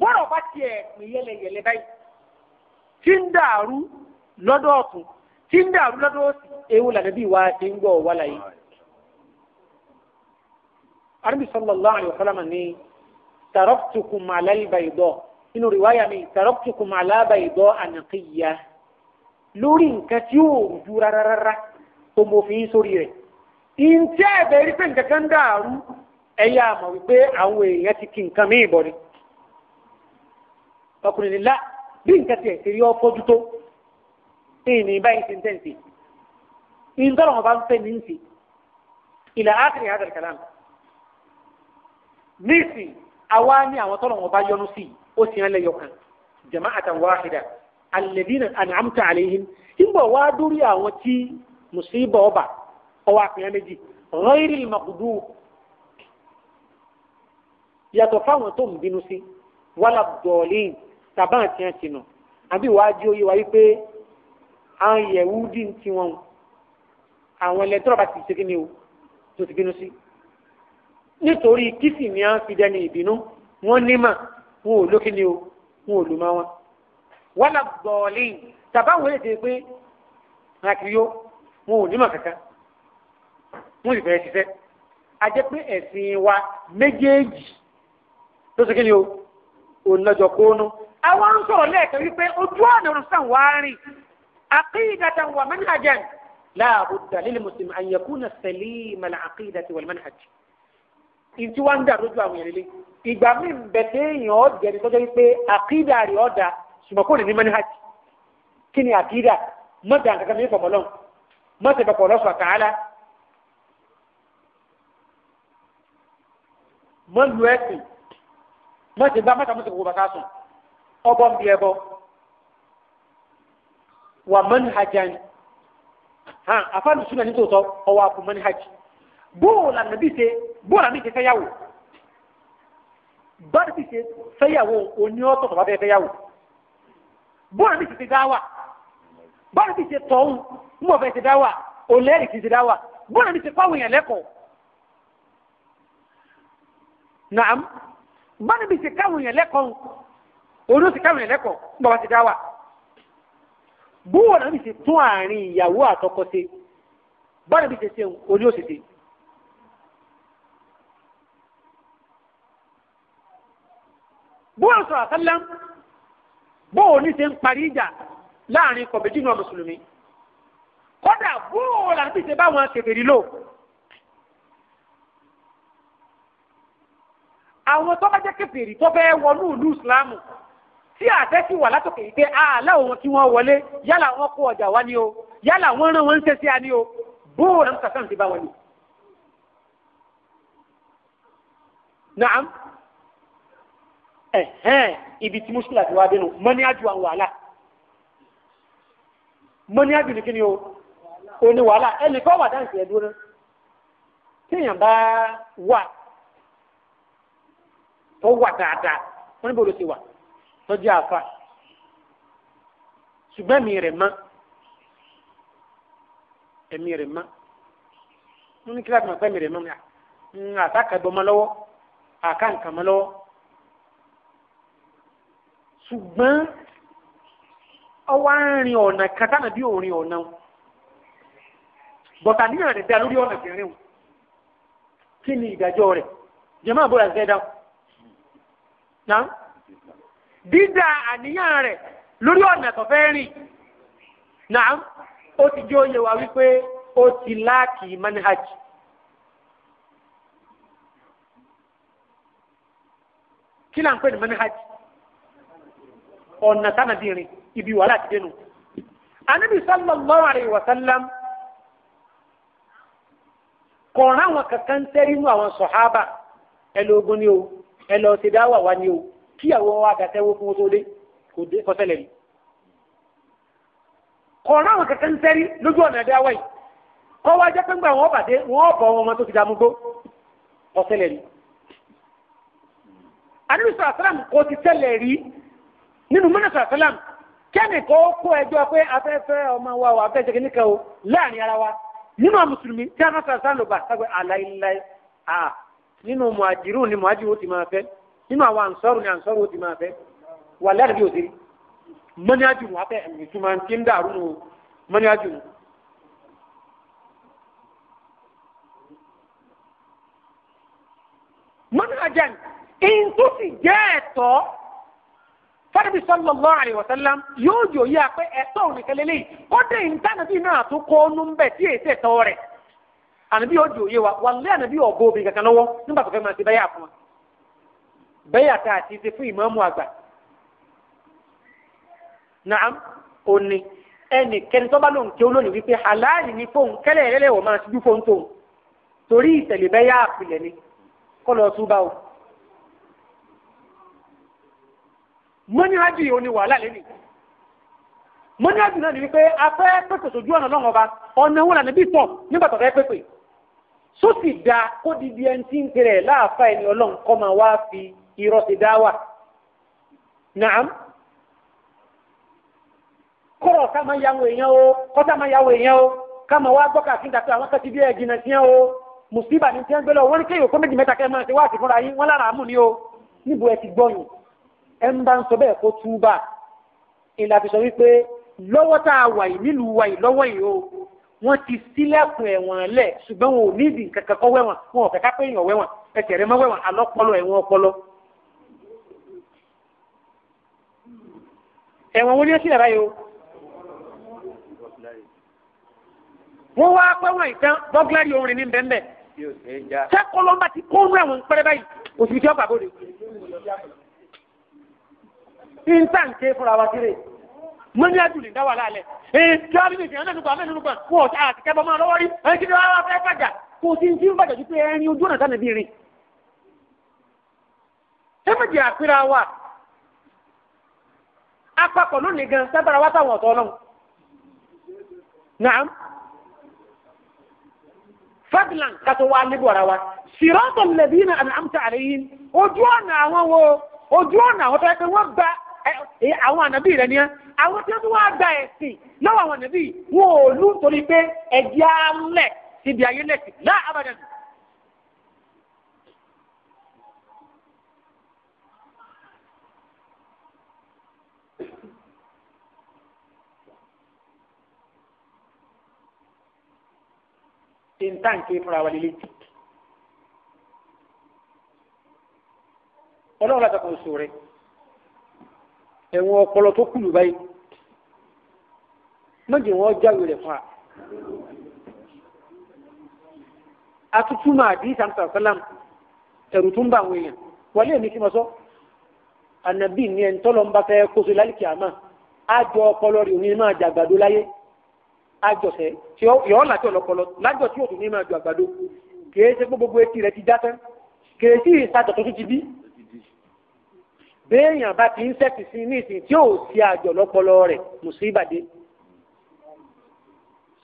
Bọ́rọ̀ bá tiẹ̀ pín yẹlẹyẹlẹ báyìí. Tí ń dàrú lọ́dọ̀ ọ̀tún, tí ń dàrú lọ́dọ̀ òsì, ewu làdé bí wa ti ń gbọ́ wá láyé. Ànábì sallallahu alaihi wasallam ní taraktukum ala al Inú rìwáyà mi, taraktukum ala bayda anqiyya. Lórí nǹkan tí yóò rújú rárá, tó mo fi ń sórí rẹ̀. ǹjẹ́ ẹ̀bẹ̀ rí pé nǹkan kan dàrú ẹ̀yà àmọ̀ wípé àwọn èèyàn ti kí nǹkan mí ìbọn ni ọkùnrin nílá bí nǹkan tiẹ̀ ti rí ọ fọ́jú tó ìní báyìí ti ń tẹ̀sí ìǹtọ́rọ̀ wọn bá ń fẹ́ ní ń ìlà ákìrì àdàlù kàlámù níìsì àwa ní àwọn tọ́rọ̀ wọn bá yọnu sí ó sì ń lẹ́yọ kan jama'atan wahida alladhina an'amta alayhim ń bọ̀ wá àwọn tí ọba ọwọ́ àpẹẹrẹ méjì rọ́ìrì màkùdù yàtọ̀ fáwọn tó ń bínú sí wàlà dọ̀ọ̀lìn tàbá àti àti nà àbí ìwádìí oyè wa wípé àwọn yẹ̀wúdì ń tiwọn àwọn ẹlẹ́tọ́rọ̀ bá ti ṣe kí ni o tó ti bínú sí nítorí kìsì ni a ń fi dẹni ìbínú wọn ní mà wọn ò lókè ni o wọn ò lù má wọn. wọn là gbọ̀ọ́lì tàbáwọn èdè pé àkìyó wọn ò ní mà kankan wọ́n sì fẹ́ ṣiṣẹ́ a jẹ́ pé ẹ̀sìn wa méjèèjì tó ṣe kí ni o ònàjọ kónú. àwọn ń sọ̀rọ̀ lẹ́ẹ̀kan wípé ojú ọ̀nà ọ̀sán wa rìn aqidatan wa manhajan la budda lil muslim an yakuna salima al aqidati wal manhaj ìtí wá ń dà lójú àwọn èèyàn lélẹ̀ ìgbà mi ń bẹ téèyàn ọ̀jẹ̀ni tọ́jọ́ wípé àkídà rẹ̀ ọ̀dà ṣùgbọ́n kò mọ lu ẹsìn mọ ti gba mọta mọ ti kò bàtà sùn ọbọ nbí ẹbọ wà mọni hajj ni hàn afáàlù sunna ní tòótọ́ ọwọ àpò mọni hajj bóòlù ànábì ṣe bóòlù ànábì ṣe fẹ́yàwó bóòlù ànábì ṣe fẹ́yàwó òní ọ̀tọ̀ tọba bẹ́ẹ̀ fẹ́yàwó bóòlù ànábì ṣe ti dáwà bóòlù ànábì ṣe tọ̀hún mọ̀ bẹ́ẹ̀ ti dáwà òlẹ́rìí ti ti dáwà bóòlù ànábì ṣe fáwọn èèyàn lẹ́kọ̀ọ́ naam báni bí se káwọn yẹn lẹ́kọ̀ọ́ olú ti káwọn yẹn lẹ́kọ̀ọ́ bàbá ti dá wa búwọ̀ náà bí ti tún àárín ìyàwó àtọkọ ṣe báni bí ti ṣe olú ó sì ṣe. bóòlù sọ̀rọ̀ àtàlẹ́ bóòlù ní ṣe ń parí ìjà láàrin kọ̀bẹ̀jì náà mùsùlùmí kódà bóòlù àti ṣe báwọn kèfèrí lò àwọn tó bá jẹ́ kèfèrí tó bẹ́ẹ̀ wọnú ìlú ìsìláàmù tí àtẹ́sí wà látòkè yìí pé àlẹ́ òun kí wọ́n wọlé yálà wọ́n kó ọjà wá ní o yálà wọ́n rán wọn ń tẹ́sí àní o bóò rẹ̀ ń kàkàn ti bá wọlé. naam ẹ̀hẹ́n ibi tí mùsùlùmí àti wàá dénú mọ́ní àjù àwọn wàhálà mọ́ní àjù ní kíni o òní wàhálà ẹnì kan wà dáǹsì ẹ̀dúró náà téèyàn bá wà tó wà dáadáa wọ́n níbo ló ti wà tọ́jú àfa ṣùgbọ́n mi rẹ̀ mọ́ ẹ̀mí rẹ̀ mọ́ wọ́n ní kíláàsì máa pẹ́mì rẹ̀ mọ́ ń àtàkàgbọ́ mọ́ lọ́wọ́ àkàǹkà mọ́ lọ́wọ́ ṣùgbọ́n ọwọ́ arìnrìn ọ̀nà kan tánà bí òrin ọ̀nà wọn bọ̀tà níyàn rẹ̀ dá lórí ọ̀nà kẹrin wọn kí ni ìdájọ́ rẹ̀ jẹ́ máa bọ́ra ṣẹ́ dáhùn náà dídá àníyàn rẹ̀ lórí ọ̀nà tó fẹ́ rìn náà ó ti jó yẹ wá wípé ó ti láàkì manhaj. kí là ń pè ní manhaj ọ̀nà tánàbí rìn ibi wàhálà ti dénú. Ànábì sallallahu alayhi wa sallam kọ̀ọ̀rọ̀ àwọn kankan tẹ́rínú àwọn sọ̀hábà ẹlógún ni o ẹ lọ ṣe dáwà wá ní o kíyàwó wa dàtẹ́wó fún oṣù lé kò dé kọ́sẹ́lẹ̀ rí kọ̀ọ̀rọ̀ àwọn kẹ̀kẹ́ ń sẹ́rí lójú ọ̀nà dáwà yìí kọ́ wá jẹ́ pé ńgbà wọ́n bàdé wọ́n bọ̀ wọn tó fi dààmú gbó ọ̀sẹ̀lẹ̀ rí anúbísọ̀ àsálàmù kò ti ṣẹlẹ̀ rí nínú mọ́nàṣọ̀ àsálàmù kẹ́ni kó kó ẹjọ́ pé afẹ́fẹ́ ọmọ wa wà fẹ́ jẹ́gẹ́ níkẹ́ o láàrin ara wa nínú àwọn mùsùlùmí tí a máa sọ̀rọ̀ sáà ló bà sàgbé aláìláì à nínú muhajirun ni muhajiru ó ti máa fẹ́ nínú àwọn ansọ́rù ni ansọ́rù ó ti máa fẹ́ wà lẹ́rìí bí òsèré mọ́ni àjùmù afẹ́ ìtumọ̀ tí ń dàrú nù mọ́ni àjùmù. mọ́ni àjẹmù in tó sì jẹ́ ẹ̀tọ́ fẹ́rẹ́bí sallallahu alaihi wasallam yóò jòyè àpẹ ẹ̀tọ́ òníkẹ́lẹ́lẹ́yìn kọ́dé ìtànàbí náà tó kọ́ ọ́nú ànàbí ọjọ òye wa wale ànàbí ọ̀bọ obìnrin kaka lọ́wọ́ nígbà tó fẹ́ máa ṣe bẹ́yà fún wa bẹ́yà tá a ti ṣe fún ìmáàmù àgbà naam òní ẹnì kẹni tó bá lòun kí olóòní wípé aláàlì ní fóun kẹlẹ̀ ẹlẹ́lẹ̀ wọ̀ máa ṣubú fóun tóun torí ìtẹ̀lẹ̀ bẹ́yà àpilẹ̀ ni kọ́ lọ tún bá o. mọ́níwájú yìí ó ní wàhálà lẹ́nu mọ́níwájú ni wípé afẹ́ pẹ̀pẹ̀ sójú ọ̀nà lọ́wọ́ ọba ọ̀nà wúlà níbí tọ̀ nígbà tó fẹ́ só sì da kó didi ẹni tí ń tirẹ̀ láàfà ẹni ọlọ́run kọ́ máa wá fi irọ́ ti dá wà. Nàám kọ́rọ̀ ká máa yàwó èèyàn o kọ́tà máa yàwó èèyàn o ká máa wá gbọ́ káàkiri dàtí àwọn kan ti bí ẹ̀jìnà sí o mùsíbà ní tí wọ́n gbé lọ wọ́n ní kéèyàn kó méjì mẹ́ta kẹ́ máa ṣe wá àti fúnra yín wọ́n lára àmú ni o níbo ẹ ti gbọ́yìn ẹ ń bá ń sọ bẹ́ẹ̀ kó túbà ìlà fi sọ wípé lọ́wọ́ tá a wà yìí nílùú wà yìí lọ́wọ́ yìí o wọ́n ti sílẹ̀kùn ẹ̀wọ̀n lẹ̀ ṣùgbọ́n wọn ò níbi kankan kọ́ wẹ̀wọ̀n wọn ò kẹ́kẹ́ pé èèyàn wẹ̀wọ̀n ẹsẹ̀ rẹ mọ́ wẹ̀wọ̀n alọ́pọlọ ẹ̀wọ̀n ọpọlọ. ẹ̀wọ̀n wo ni ó sì yàrá yìí o. wọ́n wá pẹ́ wọ́n ìtàn bọ́gláàrì orin ní bẹ́ẹ̀ sẹ́kọ̀ọ́ lọ́nba ti kó nú ẹ̀wọ̀n pẹ́rẹ́ báyìí òsì ìjọba bòde. ìntàǹkè fúnra wa kéré. mọ́ni àdúlì dá e lálẹ́ ee kí wọ́n bí mi fi hàn lẹ́nugbà mẹ́nugbà wọ́n ọ̀tá àti kẹ́bọ́ máa lọ́wọ́ rí ẹni kí ni wọ́n fẹ́ fàjà kò sí ń fàjà ju pé ẹni ojú ọ̀nà bí ṣé àpẹẹrẹ wa apapọ̀ lónìí gan sábàrà wá sáwọn ọ̀tọ̀ ọlọ́run. naam fadlan wa lẹ́bí náà àmì àmì àwọn ànábì rẹ ni ẹ àwọn tí wọn tún wáá gba ẹsìn lọ́wọ́ àwọn ànábì wọn ò lù nítorí pé ẹdí alẹ síbi ayé lẹsìn láà abàdàn. tìǹtàǹkì fúnra wa lélẹ̀. ọlọ́run láti kò sóore. ẹ̀wọ̀n ọpọlọ tó kùlù báyìí méjì wọn jáwé rẹ̀ fún wa. atutu di sàmùsà sálàm tún bá àwọn èèyàn wọlé èmi kí n sọ ànàbí ni ẹ̀ ń tọ́lọ̀ ń bá fẹ́ kóso lálẹ́ kìámà àjọ ọpọlọ rẹ̀ òní máa jàgbàdo láyé yọ lájọ tí máa ti já béèyàn bá ti ń sẹ́tì sí ní ìsìn tí yóò ṣe àjọ lọ́pọlọ rẹ̀ mùsíbàdé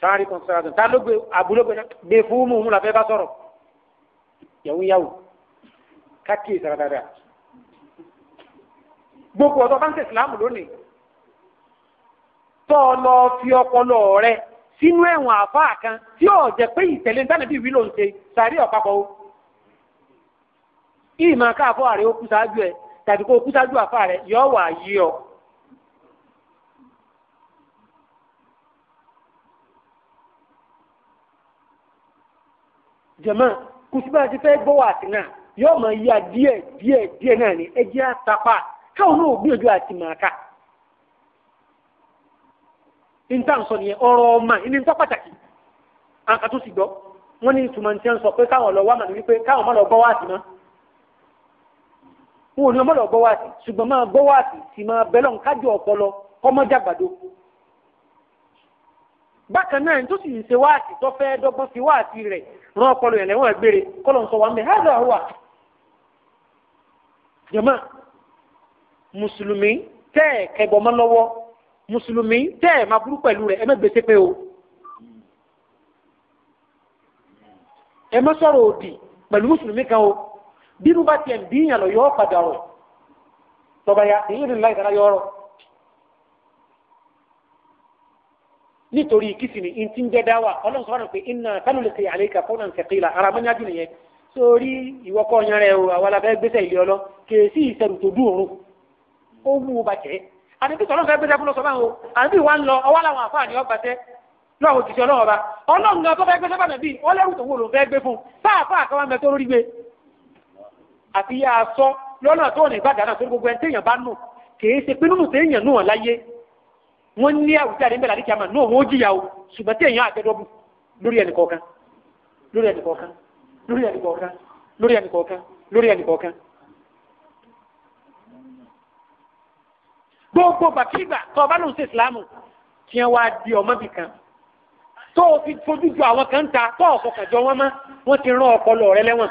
sáré kan sára tán tá ló náà gbé fún mú múlá fẹ́ bá sọ̀rọ̀ yàwó yàwó káàkiri gbogbo ọ̀dọ́ bá ń ọ lọ fi ọpọlọ rẹ sínú ẹ̀wọ̀n àfáà kan tí yóò jẹ́ pé ìtẹ̀lé nítorí bí wílò ń ṣe sáré ọ̀pápọ̀ o ìmọ̀ tàbí kó o kú sáájú àfa rẹ yọ wà yí ọ. jẹ̀mọ́ kùsùbà ti fẹ́ gbọ́ wà sí náà yóò máa yá díẹ̀ díẹ̀ díẹ̀ náà ni ẹ jẹ́ àtàpá káwọn náà gbìyànjú àti màkà. níta ń sọ nìyẹn ọ̀rọ̀ ọmọ ní níta pàtàkì àǹkà tó sì gbọ́ wọ́n ní ìtumọ̀ ní tí wọ́n sọ pé káwọn lọ wá màdùn wípé káwọn má lọ gbọ́ wá sí náà. wọn ò ní ọmọdé ọgbọ́ wáàtì ṣùgbọ́n máa gbọ́ wáàtì sì máa bẹ́lọ̀ ń kájọ ọpọlọ kọ́mọ́jàgbàdo. bákan náà tó sì ṣe tó fẹ́ dọ́gbọ́n fi wáàtì rẹ̀ rán ọpọlọ yẹn lẹ́wọ̀n kọ́lọ̀ ń sọ mẹ́ hádà wà. mùsùlùmí tẹ́ ẹ̀ mọ́ lọ́wọ́ mùsùlùmí tẹ́ ẹ̀ máa burú o. ẹ má sọ̀rọ̀ òdì pẹ̀lú mùsùlùmí kan o. bínú bá tiẹ̀ ń bíyàn lọ yọ padà rọ̀ tọba ya èyí ni láì dára yọ ọrọ̀ nítorí kìsìnì ntí ń jẹ́ dáwà ọlọ́run sọ̀rọ̀ pé iná sanulẹ̀kẹ̀ àlẹ́kà fọ́nà ṣẹ̀kìlà ara mọ́nyájú nìyẹn sórí ìwọ́kọ̀ ọ̀yàn rẹ̀ o àwọn alábẹ́ gbẹ́sẹ̀ ilé ọlọ́ kèésì ìṣẹ̀rù tó dùn òru ó wú u bàjẹ́ àdébí tọ́lọ́ fẹ́ gbẹ́sẹ̀ fúnlọ́sọ báwo àdébí wa ń lọ ọwọ́ làwọn àfáà ni ọgbà tẹ́ lọ́wọ́ òjijì ọlọ́wọ́ bá ọlọ́run gan tó fẹ́ gbẹ́sẹ̀ bàbẹ̀ bíi ọlẹ́rù tó wò ló fẹ́ gbé fún sáà fáà káwọn mẹ́tọ́ lórí gbé àfi yá a sọ lọ́nà tó ní ìbàdàn náà tó gbogbo ẹni téèyàn bá nù kìí ṣe pé nínú téèyàn nù wọn láyé wọn ní àwùjọ àdé mẹ́ta àdékìá mà nù wọn ó jìyà o ṣùgbọ́n téèyàn àjẹdọ́bù lórí ẹnì kọ̀ọ̀kan lórí ẹnì kọ̀ọ̀kan lórí ẹnì kọ̀ọ̀kan lórí ẹnì kọ̀ọ̀kan lórí ẹnì kọ̀ọ̀kan. gbogbo gbàkígbà tó o bá lóun ṣe ìsìlámù tí wọn wáá di ọmọ bìkan tó o fi fojú ju àwọn kan ta tó ọ̀fọ̀kàjọ wọn mọ́ wọ́n ti rán ọpọlọ rẹ lẹ́wọ̀n.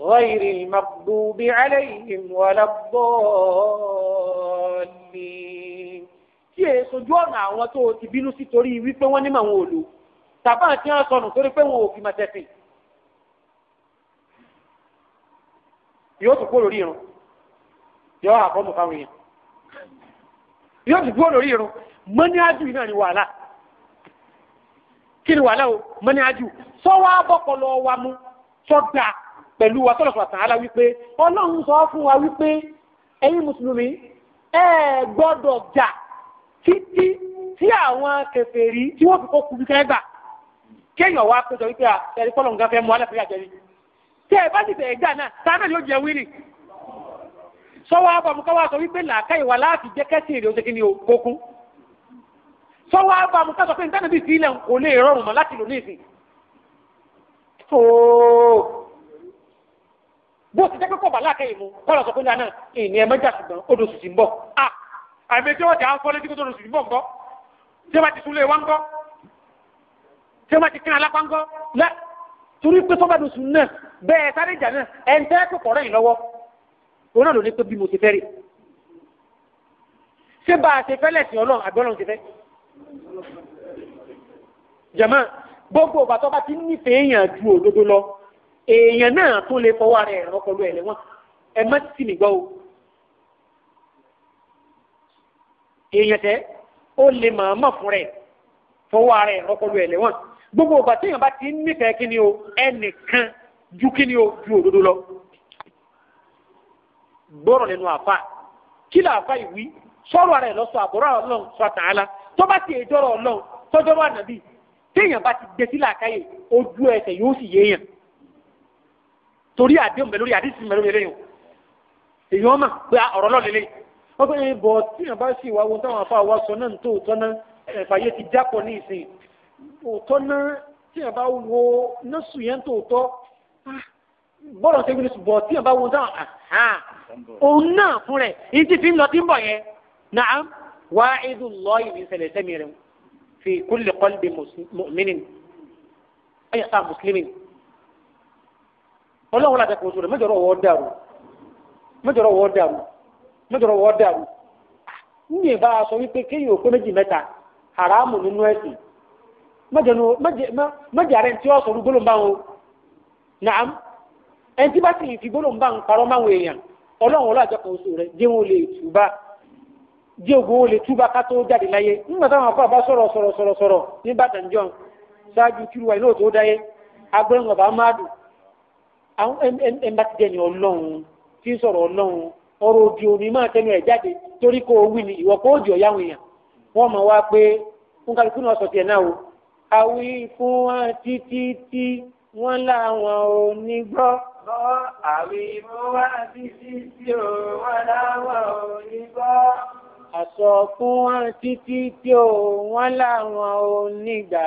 غير المغضوب عليهم ولا الضالين tí èyí sojú ọ̀nà àwọn tó ti bínú sí torí wípé wọ́n ní màwọn òdo tàbá àti wọn sọnù torí pé wọn ò fi máa tẹ̀sìn yóò tún kúrò lórí irun yóò hà fọ́ọ̀mù fáwọn èèyàn yóò tún kúrò lórí irun mọ́ní ájú náà ni wàhálà kí ni wàhálà o mọ́ní ájú sọ wá bọ́kọ lọ wa mú sọ dáa pẹ̀lú wa tọ́lọ̀ fàtàn ala wípé ọlọ́run sọ fún wa wípé ẹ̀yin mùsùlùmí ẹ gbọ́dọ̀ jà títí tí àwọn kèfèrí tí wọ́n fi kó kú kíkẹ́ gbà kéèyàn wá péjọ wípé ẹ̀rí pọ́lọ̀ nǹkan fẹ́ mú aláfẹ́ àjẹrí tẹ́ ẹ bá sì bẹ̀ẹ́ gbà náà tá náà yóò jẹ wírì sọ́wọ́ abamu káwá sọ wípé làákàyè wà láàfin jẹ́ kẹ́sìn èrè oṣù kìíní okun sọ́wọ́ abamu sọ pé nǹkan bí ìfilẹ̀ kò lè rọrùn mọ́ láti lò ní ìsìn bó ti jẹ́ pé kò bá láàkẹ́ yìí mu kọ́lọ̀ sọ pé ní àná ìní ẹ̀ mẹ́jà ṣùgbọ́n odò sì ti ń bọ̀ à àmì tí wọ́n ti àwọn fọ́lẹ́jì kó tó odò sì ti ń bọ̀ ńkọ́ tí wọ́n ti súnlé wa ńkọ́ tí wọ́n ti kín alápá ńkọ́ lẹ́ torí pé tó bá dùn sùn náà bẹ́ẹ̀ sáré ìjà náà ẹ̀ ń tẹ́ kó kọ̀ọ̀rọ̀ yìí lọ́wọ́ òun náà ló ní pé bí mo ti fẹ́ rè ṣé bá a ṣe fẹ́ lẹ̀sìn ọlọ́run àbí èèyàn náà tún lè fọwọ́ ara ẹ̀rọ pẹ̀lú ẹ̀ lẹ́wọ̀n ẹ má sì mí gbọ́ o èèyàn tẹ́ ó lè màmá fún rẹ̀ fọwọ́ ara ẹ̀rọ pẹ̀lú ẹ̀ lẹ́wọ̀n gbogbo ìgbà tí èèyàn bá ti ń nífẹ̀ẹ́ kí ni o ẹnìkan ju kí ni o ju òdodo lọ gbọ́rọ̀ lẹ́nu àfa kí ló àfa ìwí sọ̀rọ̀ ara ẹ̀ lọ́sọ̀ àbọ̀rọ̀ ọlọ́run sọ àtàlà tó bá ti èjọ́rọ̀ ọlọ́run tọ́jọ́rọ̀ ànàbì téèyàn bá ti gbé sílẹ̀ àkáyè ojú ẹsẹ̀ yóò sì yéèyàn torí àdéhùn bẹ lórí àdéhùn bẹ lórí eléyìí èyí wọn mà pé ọ̀rọ̀ náà lélẹ̀ wọn pé eh, bọ tí yàn bá sì wá wo táwọn afa wa sọ náà tó òótọ́ náà ẹfàyè ti jápọ ní ìsìn òótọ́ náà tí yàn bá wo nọọsù yẹn tó òótọ́ ah, bọ́ọ̀lù ṣe wíwí bọ̀ tí yàn bá wo táwọn òun náà fún rẹ̀ èyí fi ń lọ tí ń bọ̀ yẹn náà wá ìdùn lọ́ọ̀yì ní ìṣẹ̀lẹ̀ sẹ́mi rẹ̀ fi kulli qalbi mu'minin ayàtà mùsùlùmí. ọlọ́run láti kò sódò mẹ́jọ̀rọ̀ wọ́ dàrú mẹ́jọ̀rọ̀ wọ́ dàrú mẹ́jọ̀rọ̀ wọ́ dàrú ní wípé kéyìn òpó méjì mẹ́ta haramu nínú ẹ̀sìn mẹ́jọ tí ó sọ̀rọ̀ gbólóńbá wọn naam ẹni tí bá sì fi gbólóńbá ń parọ́ máwọn èèyàn ọlọ́run ọlọ́run àjọkọ̀ oṣù rẹ̀ lè túbá jẹ́ ògbó lè túbá ká tó jáde láyé nígbà táwọn afọ da àwọn ẹnba ti jẹ́ ni ọlọ́run tí ń sọ̀rọ̀ ọlọ́run ọ̀rọ̀ òdì òní máa tẹnu ẹ̀ jáde torí kó wí ni ìwọ kó òdì ọ̀yáwó èèyàn wọ́n mọ̀ wá pé nkàlùkù náà sọ̀tì ẹ̀ náà o àwí fún wọn títí tí wọ́n láwọn ò ní gbọ́. Bọ́ àwí fún wọn títí tí o wọ́n láwọn ò ní gbọ́. Àsọ̀ fún wọn títí tí o wọ́n láwọn ò ní gbà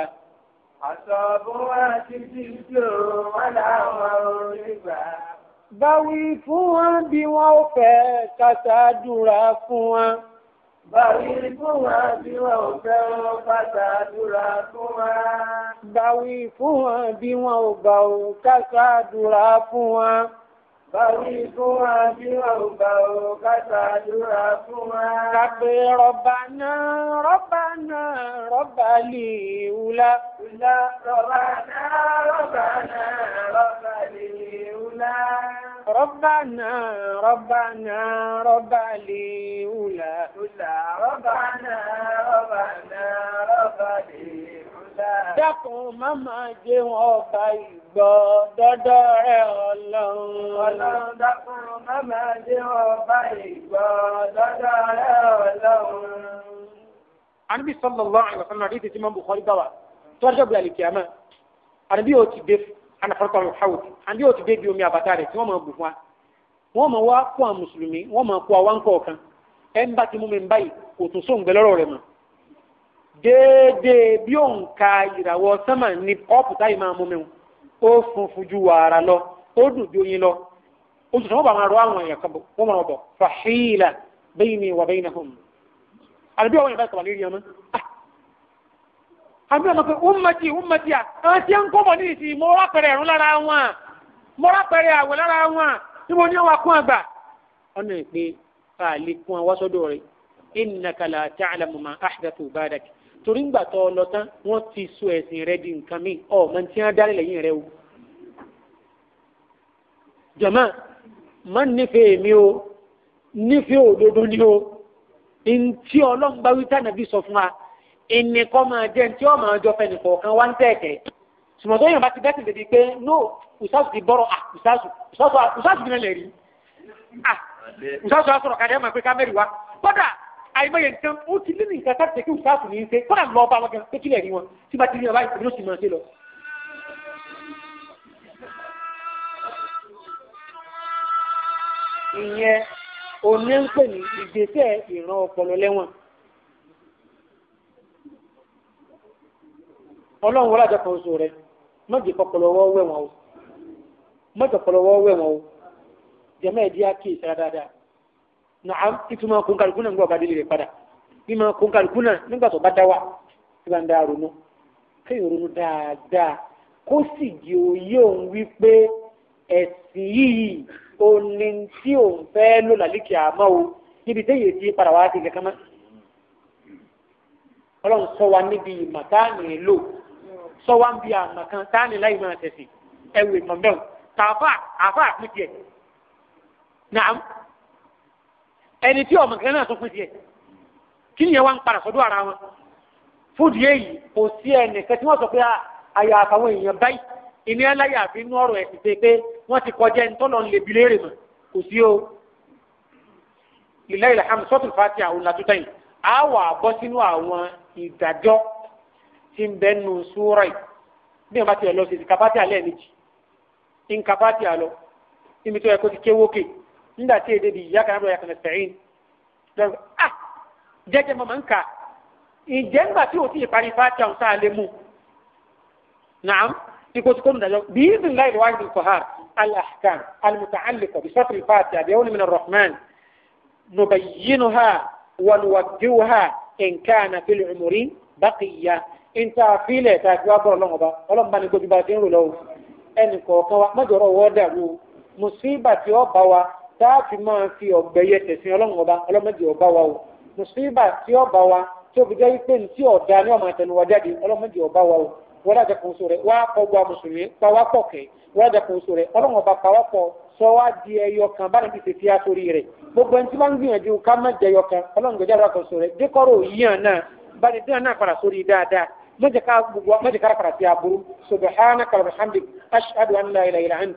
àtọ̀bọ̀wá ti ti jò wọ́n láwọn onígbà. Báwí fún wọn bí wọ́n ó fẹ́ kásádùra fún wọn. Báwí fún wọn bí wọ́n ò fẹ́ wọn kásádùra fún wọn. Báwí fún wọn bí wọ́n ò gbà ò kásádùra fún wọn. Bàbí fún wa bí ọ̀gbà ò kásàdúrà fún wa. Kàpé rọ̀bà náà, rọ̀bà náà, rọ̀bà lè wúlá. Wúlá rọ̀bà náà, lè wúlá. Rọ̀bà náà, rọ̀bà lè wúlá. Dákun má máa jẹ́ wọn ọba ìgbọ́ dọ́dọ́ rẹ̀ ọlọ́run. Ọlọ́run dákun má máa jẹ́ máa ń Bukhari bá wa. Tọ́jọ́ bí àlìkìyàmá. Ànábì yóò ti dé anafarikọ̀ ọ̀rọ̀ hàwùd. Ànábì yóò ti dé bí omi àbàtà rẹ̀ tí wọ́n máa bù fún wa. Wọ́n máa wá kó àwọn Mùsùlùmí, wọ́n máa kó àwọn kọ̀ọ̀kan. Ẹ ń bá ti mú mi báyìí, kò tún sóǹgbẹ́ lọ́rọ̀ rẹ̀ mọ́. déédéé bí òǹkà ka sánmà sama ọ́pù táyì máa mi ó funfun ju wàrà lọ ó dùn ju oyin lọ oṣù tí wọ́n bá máa rọ àwọn èèyàn kan bọ̀ wọ́n máa bọ̀ fàhíìlà bẹ́yìn ni wà bẹ́yìn náà hàn mí. àdébí ọ̀wọ́n yẹn sọ̀rọ̀ lérí ọmọ. Ah! àbí ọmọ pé ummati à ah, àwọn tí ní ìsìn pẹ̀rẹ̀ ẹ̀rún la torí ńgbà tó lọ tán wọ́n ti so ẹ̀sìn rẹ di nǹkan mi ọ̀ mọ̀ tí wọ́n dálé lẹ́yìn rẹ o. jọ̀mọ́ má nífẹ̀ẹ́ èmi o nífẹ̀ẹ́ òdodo ni o ntí ọlọ́run bá wí tànàbí sọ fún wa ẹnì kan máa jẹ́ ntí ọ̀ máa jọ fẹ́ni kọ̀ọ̀kan wá ń tẹ̀kẹ́ sùmọ̀tò yẹn bá ti bẹ́sẹ̀ débi pé no ùsàsù ti bọ́rọ̀ à ùsàsù ùsàsù ti nílẹ̀ rí à ah, ùsàsù asọ̀rọ̀ kàdé máa pé kámẹ́rì wa kódà àìmọye nǹkan ó ti lé ní nǹkan tá tẹ̀kí òṣàfù ní í ṣe kọ́nà lọ bá wọn gan pé kílẹ̀ rí wọn tí bá ti rí ọba ìpínlẹ̀ òsì máa ṣe lọ. ìyẹn òní ń pè ní ìgbésẹ̀ ìran ọpọlọ lẹ́wọ̀n. ọlọ́run wọlé àjọkọ̀ oṣù rẹ mọ̀jẹ̀ pọpọlọwọ́ wẹ̀wọ̀n o mọ̀jẹ̀ pọpọlọwọ́ wẹ̀wọ̀n o jẹ́mẹ́ẹ̀dí á kí ìsara dáadáa nàám ìtumọ̀ kónkàlùkù náà ń gbọ́ ọba délé rẹ̀ padà ìmọ̀ kónkàlùkù náà nígbà tó bá dá wa tí wọ́n ń dá ronú kéèyàn ronú dáadáa kó sì di òye òun wípé ẹ̀sìn yìí òní tí òun fẹ́ lò lálẹ́kẹ̀ àmọ́ o níbi téèyàn ti padà wá sí kẹ̀kẹ́ mọ́ ọlọ́run sọ wa níbi ìmọ̀ táàmì wa bi àmọ̀ kan táàmì láì máa tẹ̀sìn ẹ̀wù ìmọ̀ mẹ́wọ̀n tààfà àfà àpútì ẹ̀ nàám ẹni tí ọmọ kan náà tó pín tiẹ̀ kí nìyẹn wá ń padà sọ́dọ̀ ara wọn fúdìí èyí kò sí ẹnìkan tí wọ́n sọ pé ah, àyà àtàwọn èèyàn báyìí ìní aláyà fi nú ọ̀rọ̀ ẹ̀sìn pé pé wọ́n ti kọjá ẹni tọ́lọ̀ ń lè bi léèrè mọ̀ kò sí o ìlà ìlà hàm sọ́tún fàtí àwọn làtúntà yìí á wà bọ́ sínú àwọn ìdájọ́ tí ń bẹ nù yìí bí wọ́n bá ti ẹ̀ lọ sí ìsìnkà alẹ́ méjì ìǹkà fàtí níbi tó yẹ kó ti kéwókè nígbà tí èdè bíi ìyá kanáà bọ̀ yàtọ̀ nasta'in lọ́wọ́ à jẹ́jẹ́ mọ̀mọ́ ń kà ìjẹ́ ńgbà tí o ti parí fàtíà ń sáà lé mu nàám ìkòtìkò nìdájọ́ bíi ìdùn láì lọ́wọ́ àgbẹ̀ kọ̀hár al-ahkam al-muta'alliqa bi satr al-fatiha bi yawmin min ar-rahman nubayyinuha wa nuwajjihuha in kana fil umuri baqiya in ta file ta fi wa bọ̀ ọlọ́run ọba ọlọ́run bá ní gbójú ti ń rò lọ́wọ́ ẹnì kọ̀ọ̀kan wa mọ́jọ́rọ̀ wọ́ dàrú musiba tí ó bá wa táàfì máa fi ọ̀gbẹ́ yẹ tẹ̀sìn ọlọ́run ọba ọlọ́mọdé ọba wa o mùsùlùmí tí ọba wa tó fi jẹ́ pé tí ọ̀dà ni ọmọ àtẹnuwà jáde ọlọ́mọdé ọba wa o wọ́n dájà kò sóore wá ọgbà mùsùlùmí pawápọ̀ kẹ́ wọ́n dájà kò sóore ọlọ́run ọba pawápọ̀ sọ wá di ẹyọ kan bá níbi tètè àtòrí rẹ̀ gbogbo ẹni tí wọ́n ń gbìyànjú ká má jẹ ẹyọ kan ọlọ́run gbẹjà lọ́wọ́